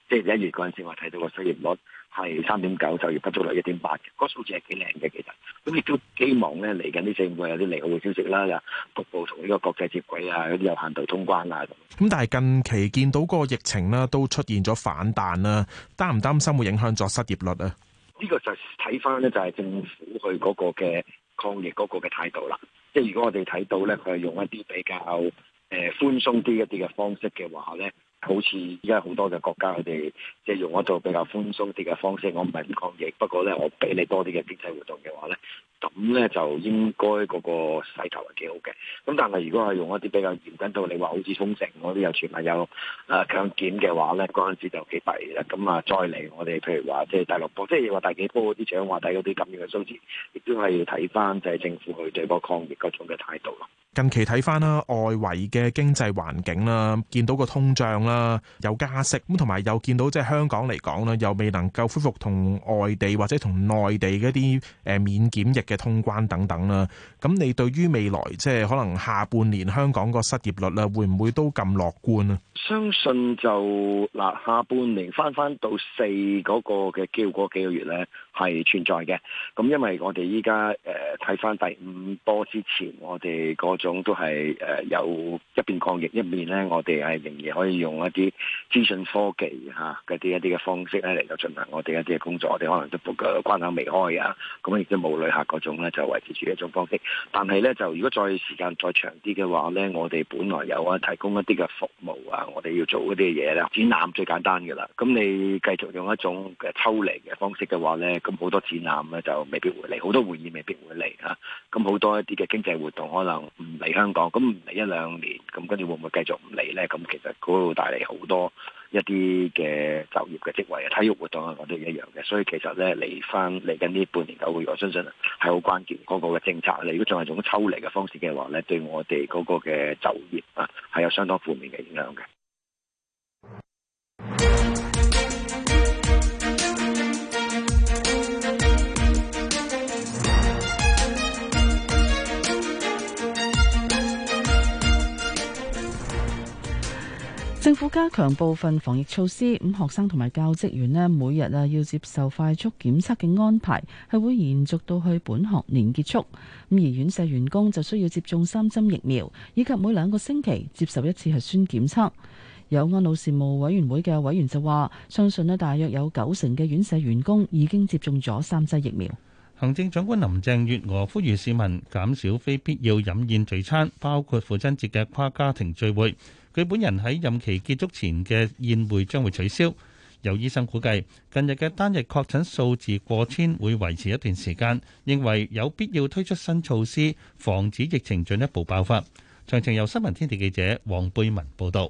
即係一月嗰陣時我睇到個失業率係三點九，就業不足率一點八嘅，個數字係幾靚嘅其實，咁亦都希望咧嚟緊四五個月有啲利好嘅消息啦，又逐步同呢個國際接軌啊，嗰啲有限度通關啊咁。咁但係近期見到個疫情咧都出現咗反彈啦，擔唔擔心會影響咗失業率啊？呢個就睇翻咧，就係、是、政府佢嗰個嘅抗疫嗰個嘅態度啦。即係如果我哋睇到咧，佢係用一啲比較誒、呃、寬鬆啲一啲嘅方式嘅話咧，好似依家好多嘅國家佢哋即係用一組比較寬鬆啲嘅方式，我唔係唔抗疫，不過咧我俾你多啲嘅經濟活動嘅話咧。咁咧就應該嗰個勢頭係幾好嘅，咁但係如果係用一啲比較嚴謹到，你話好似封城嗰啲又傳聞有啊強檢嘅話咧，嗰陣時就幾弊嘅。咁啊，再嚟我哋譬如話即係第六波，即係話第幾波嗰啲獎話抵嗰啲咁樣嘅數字，亦都係要睇翻就係政府去對波抗疫嗰種嘅態度咯。近期睇翻啦，外圍嘅經濟環境啦，見到個通脹啦，有加息，咁同埋又見到即係香港嚟講啦，又未能夠恢復同外地或者同內地嗰啲誒免檢疫。嘅通關等等啦，咁你對於未來即係可能下半年香港個失業率咧會唔會都咁樂觀啊？相信就嗱，下半年翻翻到四嗰個嘅機會嗰幾個月咧，係存在嘅。咁因為我哋依家誒睇翻第五波之前，我哋嗰種都係誒、呃、有一邊抗疫，一面咧我哋係仍然可以用一啲資訊科技吓嗰啲一啲嘅方式咧嚟到進行我哋一啲嘅工作。我哋可能都個關口未開啊，咁亦都冇旅客。種咧就維持住一種方式，但係咧就如果再時間再長啲嘅話咧，我哋本來有啊提供一啲嘅服務啊，我哋要做嗰啲嘢咧，展覽最簡單噶啦，咁你繼續用一種嘅抽離嘅方式嘅話咧，咁好多展覽咧就未必會嚟，好多會議未必會嚟啊，咁好多一啲嘅經濟活動可能唔嚟香港，咁唔嚟一兩年，咁跟住會唔會繼續唔嚟咧？咁其實嗰度帶嚟好多，一啲嘅就業嘅職位啊，體育活動啊，我都一樣嘅。所以其實咧，嚟翻嚟緊呢半年九個月，我相信係好關鍵嗰個嘅政策咧。如果仲係用抽離嘅方式嘅話咧，對我哋嗰個嘅就業啊，係有相當負面嘅影響嘅。政府加強部分防疫措施，咁學生同埋教職員咧，每日啊要接受快速檢測嘅安排，係會延續到去本學年結束。咁而院舍員工就需要接種三針疫苗，以及每兩個星期接受一次核酸檢測。有安老事務委員會嘅委員就話，相信咧大約有九成嘅院舍員工已經接種咗三劑疫苗。行政長官林鄭月娥呼籲市民減少非必要飲宴聚餐，包括父親節嘅跨家庭聚會。佢本人喺任期結束前嘅宴會將會取消。有醫生估計，近日嘅單日確診數字過千會維持一段時間，認為有必要推出新措施防止疫情進一步爆發。詳情由新聞天地記者黃貝文報道。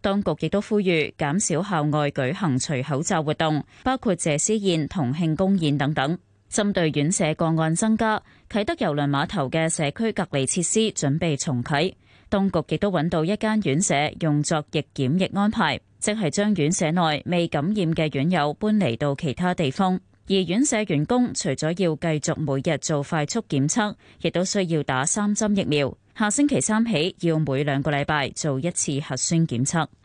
當局亦都呼籲減少校外舉行除口罩活動，包括謝師宴同慶功宴等等。針對院舍個案增加，啟德郵輪碼頭嘅社區隔離設施準備重啟。當局亦都揾到一間院舍用作疫檢疫安排，即係將院舍內未感染嘅院友搬嚟到其他地方。而院舍員工除咗要繼續每日做快速檢測，亦都需要打三針疫苗，下星期三起，要每兩個禮拜做一次核酸檢測。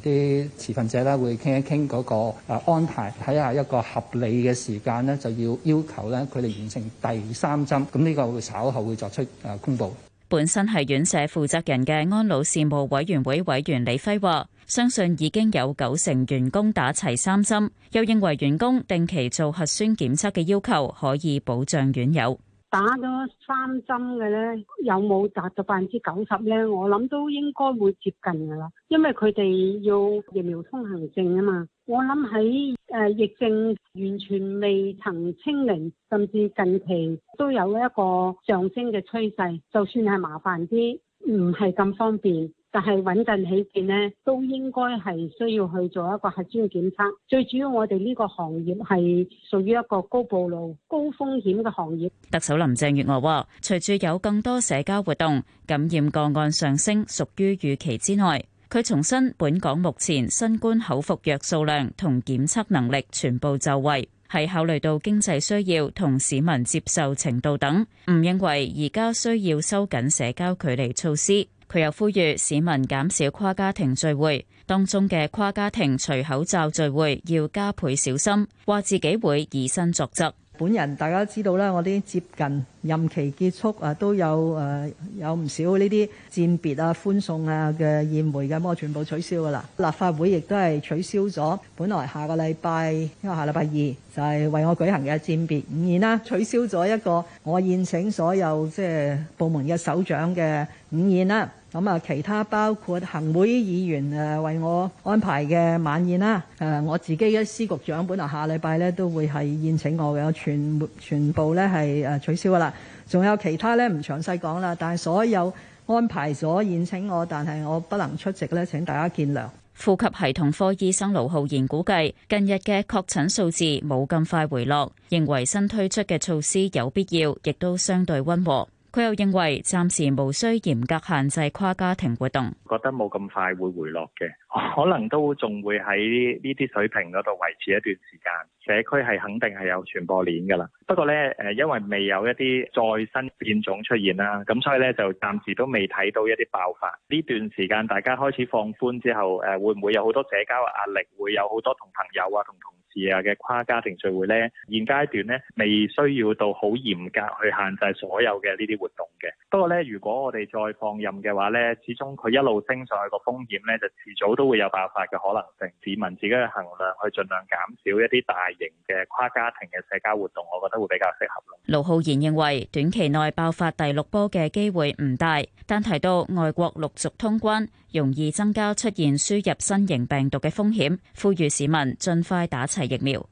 啲持份者咧，會傾一傾嗰個安排，睇下一個合理嘅時間咧就要要求咧佢哋完成第三針，咁呢個會稍後會作出誒公布。本身係院舍負責人嘅安老事務委員會委員李輝話，相信已經有九成員工打齊三針，又認為員工定期做核酸檢測嘅要求可以保障院友。打咗三針嘅呢，有冇達到百分之九十呢？我諗都應該會接近㗎喇，因為佢哋要疫苗通行證吖嘛。我諗喺誒疫症完全未曾清零，甚至近期都有一個上升嘅趨勢，就算係麻煩啲，唔係咁方便。但係穩陣起見呢，都應該係需要去做一個核酸檢測，最主要，我哋呢個行業係屬於一個高暴露、高風險嘅行業。特首林鄭月娥話，隨住有更多社交活動感染個案上升，屬於預期之外。佢重申，本港目前新冠口服藥數量同檢測能力全部就位，係考慮到經濟需要同市民接受程度等，唔認為而家需要收緊社交距離措施。佢又呼籲市民減少跨家庭聚會，當中嘅跨家庭除口罩聚會要加倍小心。話自己會以身作則。本人大家知道啦，我啲接近任期結束啊，都有誒、呃、有唔少呢啲餞別啊、歡送啊嘅宴會嘅，我全部取消㗎喇。立法會亦都係取消咗本來下個禮拜，因為下禮拜二就係為我舉行嘅餞別午宴啦，取消咗一個我宴請所有即係部門嘅首長嘅午宴啦。咁啊，其他包括行會議員誒為我安排嘅晚宴啦，誒我自己嘅司局長本來下禮拜咧都會係宴請我嘅，全部全部咧係誒取消噶啦。仲有其他咧唔詳細講啦，但係所有安排咗宴請我，但係我不能出席咧，請大家見諒。呼吸系統科醫生盧浩然估計近日嘅確診數字冇咁快回落，認為新推出嘅措施有必要，亦都相對溫和。佢又認為暫時無需嚴格限制跨家庭活動，覺得冇咁快會回落嘅，可能都仲會喺呢啲水平嗰度維持一段時間。社區係肯定係有傳播鏈㗎啦。不過呢，誒，因為未有一啲再新變種出現啦，咁所以咧就暫時都未睇到一啲爆發。呢段時間大家開始放寬之後，誒，會唔會有好多社交嘅壓力？會有好多同朋友啊，同同。事嘅跨家庭聚會呢，現階段呢，未需要到好嚴格去限制所有嘅呢啲活動嘅。不過呢，如果我哋再放任嘅話呢，始終佢一路升上去個風險呢，就遲早都會有爆發嘅可能性。市民自己去衡量，去盡量減少一啲大型嘅跨家庭嘅社交活動，我覺得會比較適合。盧浩然認為短期內爆發第六波嘅機會唔大，但提到外國陸續通關，容易增加出現輸入新型病毒嘅風險，呼籲市民盡快打齊疫苗。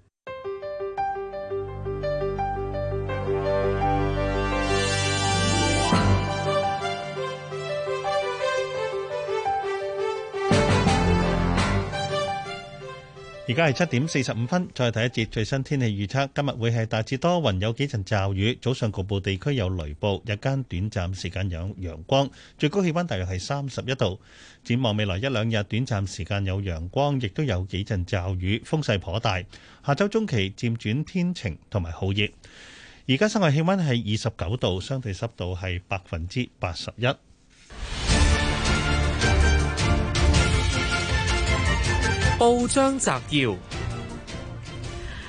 而家係七點四十五分，再睇一節最新天氣預測。今日會係大致多雲，有幾陣驟雨，早上局部地區有雷暴，日間短暫時間有陽光，最高氣溫大約係三十一度。展望未來一兩日，短暫時間有陽光，亦都有幾陣驟雨，風勢頗大。下周中期漸轉天晴同埋酷熱。而家室外氣溫係二十九度，相對濕度係百分之八十一。報章摘要：《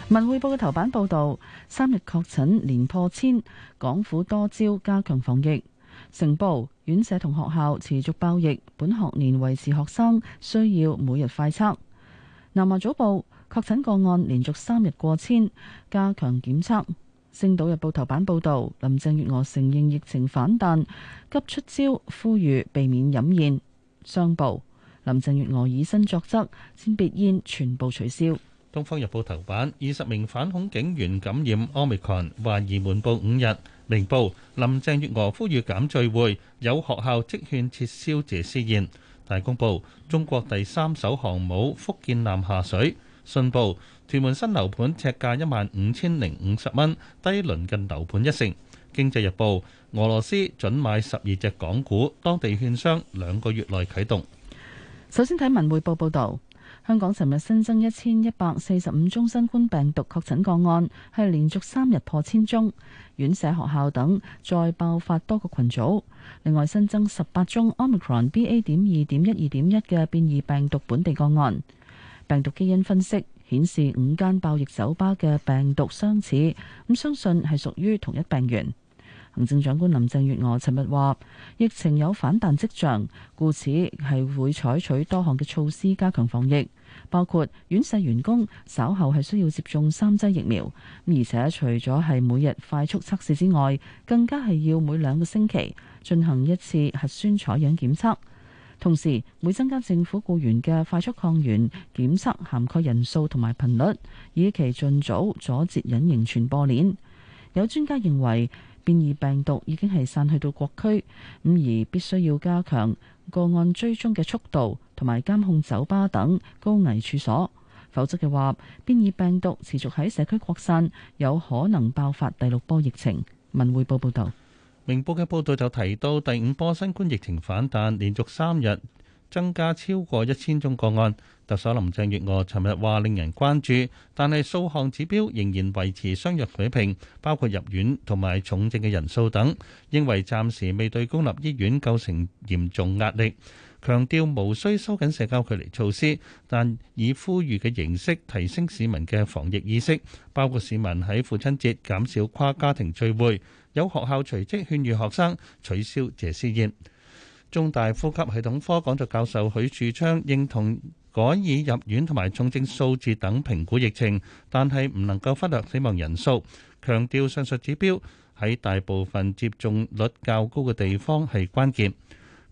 文匯報》嘅頭版報道，三日確診連破千，港府多招加強防疫。成報、院舍同學校持續爆疫，本學年維持學生需要每日快測。南華早報確診個案連續三日過千，加強檢測。《星島日報》頭版報道，林鄭月娥承認疫情反彈，急出招，呼籲避免飲宴。商報。林鄭月娥以身作則，先別宴全部取消。東方日報頭版：二十名反恐警員感染 Omicron，懷疑瞞報五日。明報：林鄭月娥呼籲減聚會，有學校即勸撤銷謝師宴。大公報：中國第三艘航母福建艦下水。信報：屯門新樓盤尺價一萬五千零五十蚊，低鄰近樓盤一成。經濟日報：俄羅斯准買十二隻港股，當地券商兩個月內啟動。首先睇文匯報報道，香港尋日新增一千一百四十五宗新冠病毒確診個案，係連續三日破千宗。院舍、學校等再爆發多個群組，另外新增十八宗 Omicron BA. 點二點一二點一嘅變異病毒本地個案。病毒基因分析顯示五間爆疫酒吧嘅病毒相似，咁相信係屬於同一病源。行政長官林鄭月娥尋日話：疫情有反彈跡象，故此係會採取多項嘅措施加強防疫，包括院舍員工稍後係需要接種三劑疫苗，而且除咗係每日快速測試之外，更加係要每兩個星期進行一次核酸採樣檢測。同時會增加政府雇員嘅快速抗原檢測涵蓋人數同埋頻率，以期儘早阻截隱形傳播鏈。有專家認為，變異病毒已經係散去到各區，咁而必須要加強個案追蹤嘅速度，同埋監控酒吧等高危處所，否則嘅話，變異病毒持續喺社區擴散，有可能爆發第六波疫情。文匯報報道，明報嘅報道就提到第五波新冠疫情反彈，連續三日增加超過一千宗個案。特首林鄭月娥尋日話令人關注，但係數項指標仍然維持相若水平，包括入院同埋重症嘅人數等，認為暫時未對公立醫院構成嚴重壓力。強調無需收緊社交距離措施，但以呼籲嘅形式提升市民嘅防疫意識，包括市民喺父親節減少跨家庭聚會。有學校隨即勸喻學生取消謝師宴。中大呼吸系統科講座教授許樹昌認同。改以入院同埋重症數字等評估疫情，但係唔能夠忽略死亡人數。強調上述指標喺大部分接種率較高嘅地方係關鍵。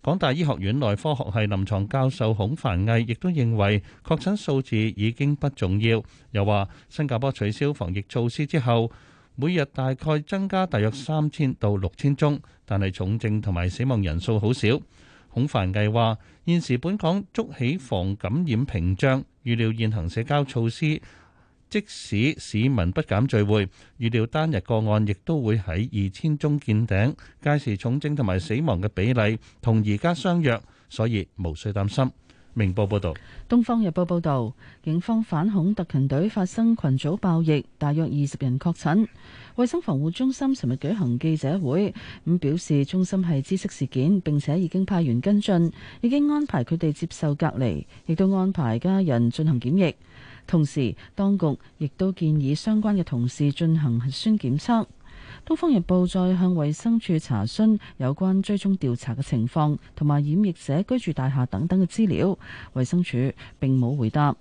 港大醫學院內科學系臨床教授孔凡毅亦都認為，確診數字已經不重要。又話新加坡取消防疫措施之後，每日大概增加大約三千到六千宗，但係重症同埋死亡人數好少。孔繁毅話，現時本港築起防感染屏障，預料現行社交措施，即使市民不減聚會，預料單日個案亦都會喺二千宗見頂，屆時重症同埋死亡嘅比例同而家相若，所以無需擔心。明報報道，東方日報報道，警方反恐特勤隊發生群組爆疫，大約二十人確診。衛生防護中心尋日舉行記者會，咁表示中心係知識事件，並且已經派員跟進，已經安排佢哋接受隔離，亦都安排家人進行檢疫，同時當局亦都建議相關嘅同事進行核酸檢測。東方日報再向衛生署查詢有關追蹤調查嘅情況同埋染疫者居住大廈等等嘅資料，衛生署並冇回答。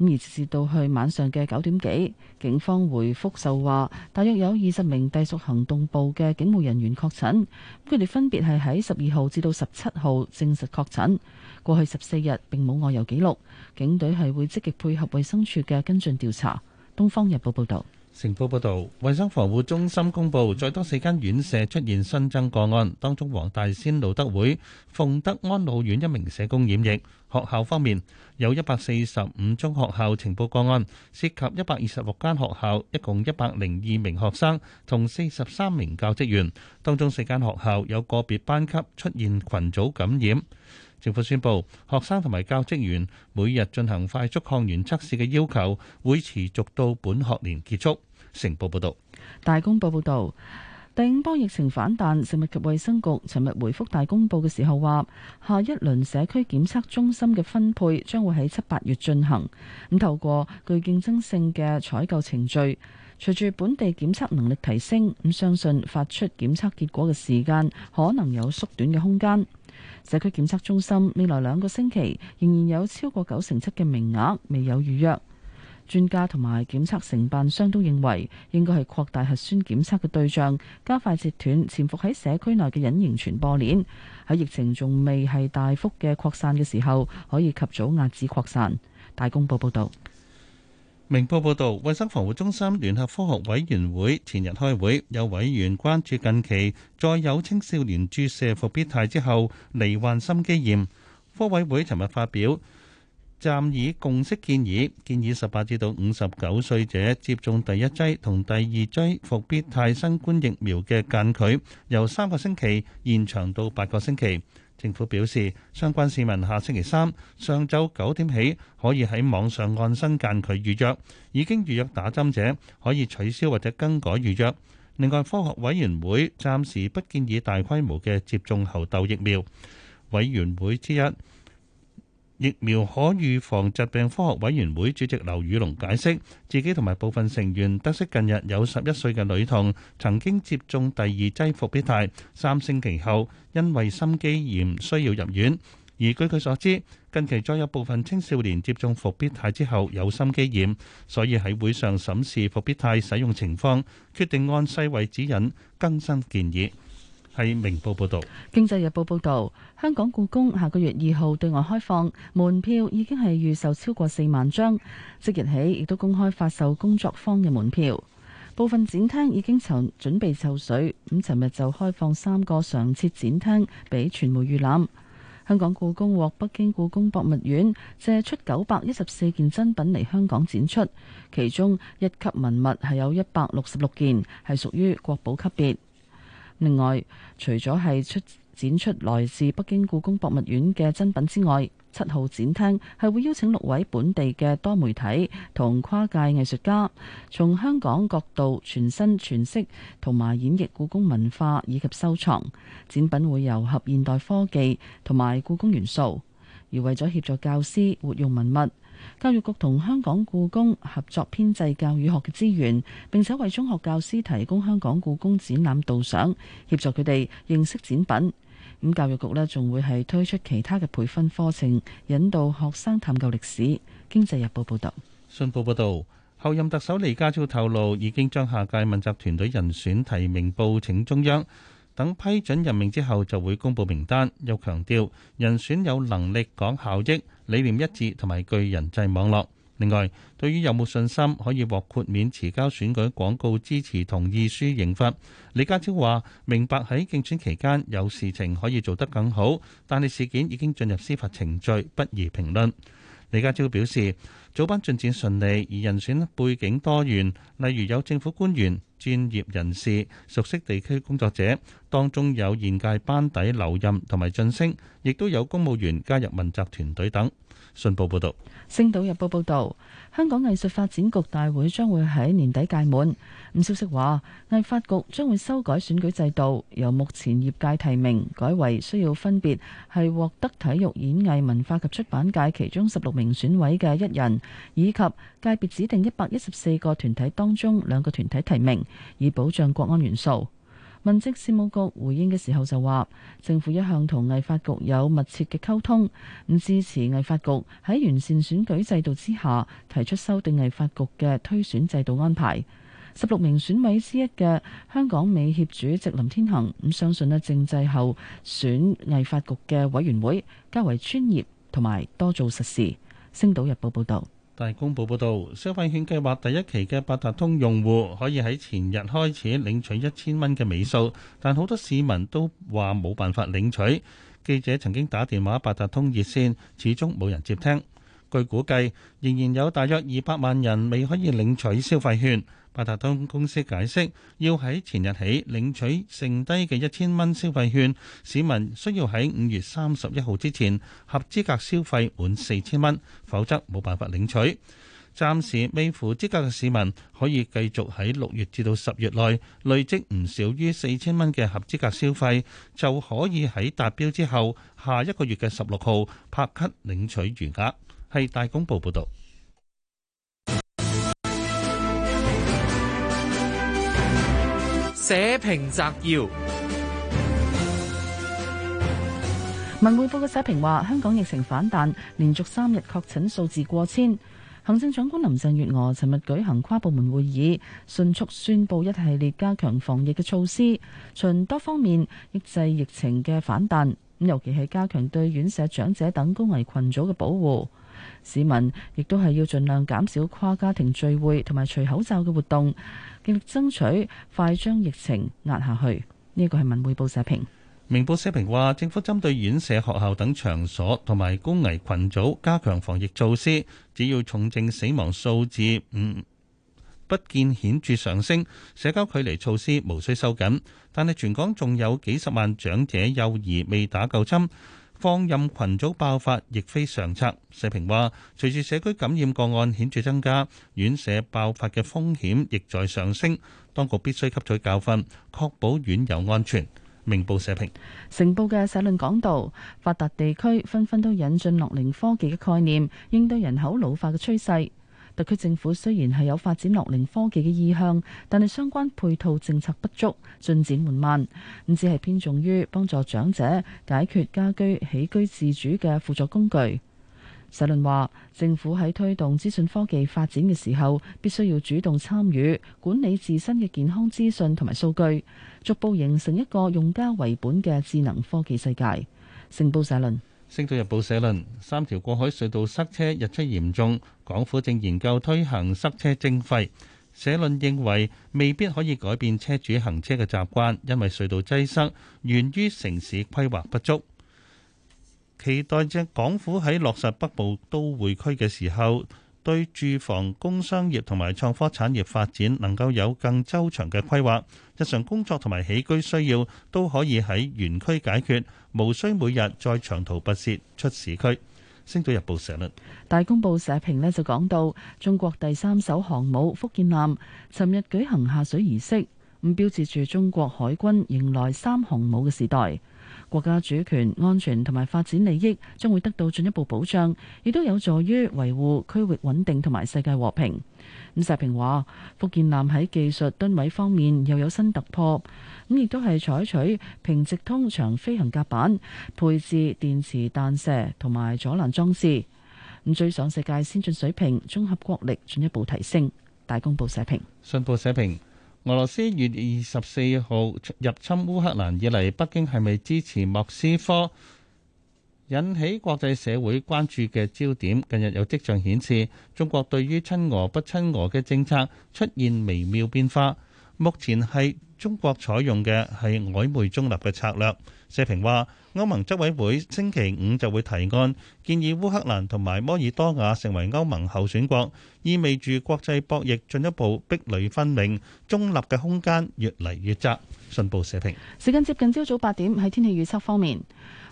咁而直至到去晚上嘅九點幾，警方回覆就話，大約有二十名隸屬行動部嘅警務人員確診，佢哋分別係喺十二號至到十七號證實確診，過去十四日並冇外遊記錄，警隊係會積極配合衛生署嘅跟進調查。《東方日報》報道。成報報道，衞生防護中心公布再多四間院舍出現新增個案，當中黃大仙路德會鳳德安老院一名社工染疫。學校方面，有一百四十五宗學校情報個案，涉及一百二十六間學校，一共一百零二名學生同四十三名教職員，當中四間學校有個別班級出現群組感染。政府宣布，學生同埋教職員每日進行快速抗原測試嘅要求，會持續到本學年結束。成報報道。大公報報道，第五波疫情反彈，食物及衛生局尋日回覆大公報嘅時候話，下一輪社區檢測中心嘅分配將會喺七八月進行。咁透過具競爭性嘅採購程序，隨住本地檢測能力提升，咁相信發出檢測結果嘅時間可能有縮短嘅空間。社區檢測中心未來兩個星期仍然有超過九成七嘅名額未有預約。專家同埋檢測承辦商都認為，應該係擴大核酸檢測嘅對象，加快截斷潛伏喺社區內嘅隱形傳播鏈。喺疫情仲未係大幅嘅擴散嘅時候，可以及早壓止擴散。大公報報道。明報報導，衞生防護中心聯合科學委員會前日開會，有委員關注近期再有青少年注射復必泰之後罹患心肌炎。科委會尋日發表暫以共識建議，建議十八至到五十九歲者接種第一劑同第二劑復必泰新冠疫苗嘅間距由三個星期延長到八個星期。政府表示，相關市民下星期三上晝九點起可以喺網上按新間隔預約，已經預約打針者可以取消或者更改預約。另外，科學委員會暫時不建議大規模嘅接種猴痘疫苗。委員會之一。疫苗可預防疾病科學委員會主席劉宇隆解釋，自己同埋部分成員得悉，近日有十一歲嘅女童曾經接種第二劑復必泰，三星期後因為心肌炎需要入院。而據佢所知，近期再有部分青少年接種復必泰之後有心肌炎，所以喺會上審視復必泰使用情況，決定按世衞指引更新建議。係明報報道，《經濟日報》報道，香港故宮下個月二號對外開放，門票已經係預售超過四萬張。即日起亦都公開發售工作坊嘅門票，部分展廳已經籌準備就緒。咁尋日就開放三個常設展廳俾傳媒預覽。香港故宮獲北京故宮博物院借出九百一十四件珍品嚟香港展出，其中一級文物係有一百六十六件，係屬於國寶級別。另外，除咗係出展出來自北京故宮博物院嘅珍品之外，七號展廳係會邀請六位本地嘅多媒體同跨界藝術家，從香港角度全新詮釋同埋演繹故宮文化以及收藏展品，會糅合現代科技同埋故宮元素，而為咗協助教師活用文物。教育局同香港故宮合作編製教育學嘅資源，並且為中學教師提供香港故宮展覽導賞，協助佢哋認識展品。咁教育局呢仲會係推出其他嘅培訓課程，引導學生探究歷史。經濟日報報道，信報報道，候任特首李家超透露，已經將下屆問責團隊人選提名報請中央。等批准任命之後，就會公布名單。又強調人選有能力講效益、理念一致同埋具人際網絡。另外，對於有冇信心可以獲豁免遲交選舉廣告支持同意書刑罰，李家超話明白喺競選期間有事情可以做得更好，但係事件已經進入司法程序，不宜評論。李家超表示組班進展順利，而人選背景多元，例如有政府官員。專業人士、熟悉地區工作者，當中有現屆班底留任同埋晉升，亦都有公務員加入問責團隊等。信報報導，《星島日報》報道：香港藝術發展局大會將會喺年底屆滿。咁消息話，藝發局將會修改選舉制度，由目前業界提名，改為需要分別係獲得體育、演藝、文化及出版界其中十六名選委嘅一人，以及界別指定一百一十四個團體當中兩個團體提名，以保障國安元素。民政事務局回應嘅時候就話，政府一向同藝發局有密切嘅溝通，咁支持藝發局喺完善選舉制度之下提出修訂藝發局嘅推選制度安排。十六名選委之一嘅香港美協主席林天行咁相信咧，政制後選藝發局嘅委員會較為專業，同埋多做實事。《星島日報》報道。大公報報導，消費券計劃第一期嘅八達通用戶可以喺前日開始領取一千蚊嘅尾數，但好多市民都話冇辦法領取。記者曾經打電話八達通熱線，始終冇人接聽。據估計，仍然有大約二百萬人未可以領取消費券。八達通公司解釋，要喺前日起領取剩低嘅一千蚊消費券，市民需要喺五月三十一號之前合資格消費滿四千蚊，否則冇辦法領取。暫時未符資格嘅市民可以繼續喺六月至到十月內累積唔少於四千蚊嘅合資格消費，就可以喺達標之後下一個月嘅十六號拍卡領取餘額。係大公報報導。社評摘要：文匯報嘅社評話，香港疫情反彈，連續三日確診數字過千。行政長官林鄭月娥尋日舉行跨部門會議，迅速宣布一系列加強防疫嘅措施，循多方面抑制疫情嘅反彈。咁尤其係加強對院舍、長者等高危群組嘅保護。市民亦都係要盡量減少跨家庭聚會同埋除口罩嘅活動。極力爭取快將疫情壓下去，呢個係文匯報社評。明報社評話，政府針對院舍、學校等場所同埋高危群組加強防疫措施，只要重症死亡數字唔、嗯、不見顯著上升，社交距離措施無需收緊。但係全港仲有幾十萬長者、幼兒未打夠針。放任群組爆發亦非上策，社評話：隨住社區感染個案顯著增加，院舍爆發嘅風險亦在上升，當局必須吸取教訓，確保院友安全。明報社評，成報嘅社論講道：發達地區紛紛都引進樂齡科技嘅概念，應對人口老化嘅趨勢。特區政府雖然係有發展樂齡科技嘅意向，但係相關配套政策不足，進展緩慢，唔止係偏重於幫助長者解決家居起居自主嘅輔助工具。社論話：政府喺推動資訊科技發展嘅時候，必須要主動參與管理自身嘅健康資訊同埋數據，逐步形成一個用家為本嘅智能科技世界。成報社論。《星島日報》社論：三條過海隧道塞車日出嚴重，港府正研究推行塞車徵費。社論認為未必可以改變車主行車嘅習慣，因為隧道擠塞源於城市規劃不足。期待著港府喺落實北部都會區嘅時候。對住房、工商業同埋創科產業發展能夠有更周長嘅規劃，日常工作同埋起居需要都可以喺園區解決，無需每日再長途跋涉出市區。星島日報社論、大公報社評呢就講到，中國第三艘航母福建艦尋日舉行下水儀式，咁標誌住中國海軍迎來三航母嘅時代。國家主權、安全同埋發展利益將會得到進一步保障，亦都有助於維護區域穩定同埋世界和平。咁社評話：福建艦喺技術、噸位方面又有新突破，咁亦都係採取平直通長飛行甲板，配置電磁彈射同埋阻攔裝置，咁追上世界先進水平，綜合國力進一步提升。大公報社評，信報社評。俄羅斯月二十四號入侵烏克蘭以嚟，北京係咪支持莫斯科引起國際社會關注嘅焦點？近日有跡象顯示，中國對於親俄不親俄嘅政策出現微妙變化。目前係中國採用嘅係曖昧中立嘅策略。社評話，歐盟執委會星期五就會提案，建議烏克蘭同埋摩爾多瓦成為歐盟候選國，意味住國際博弈進一步壁壘分明，中立嘅空間越嚟越窄。信報社評。時間接近朝早八點，喺天氣預測方面，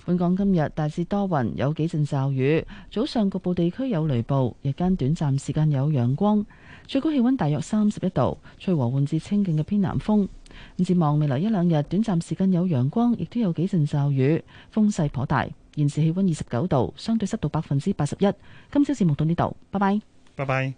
本港今日大致多雲，有幾陣驟雨，早上局部地區有雷暴，日間短暫時間有陽光，最高氣溫大約三十一度，吹和緩至清勁嘅偏南風。展望未來一兩日，短暫時間有陽光，亦都有幾陣驟雨，風勢頗大。現時氣溫二十九度，相對濕度百分之八十一。今朝節目到呢度，拜拜。拜拜。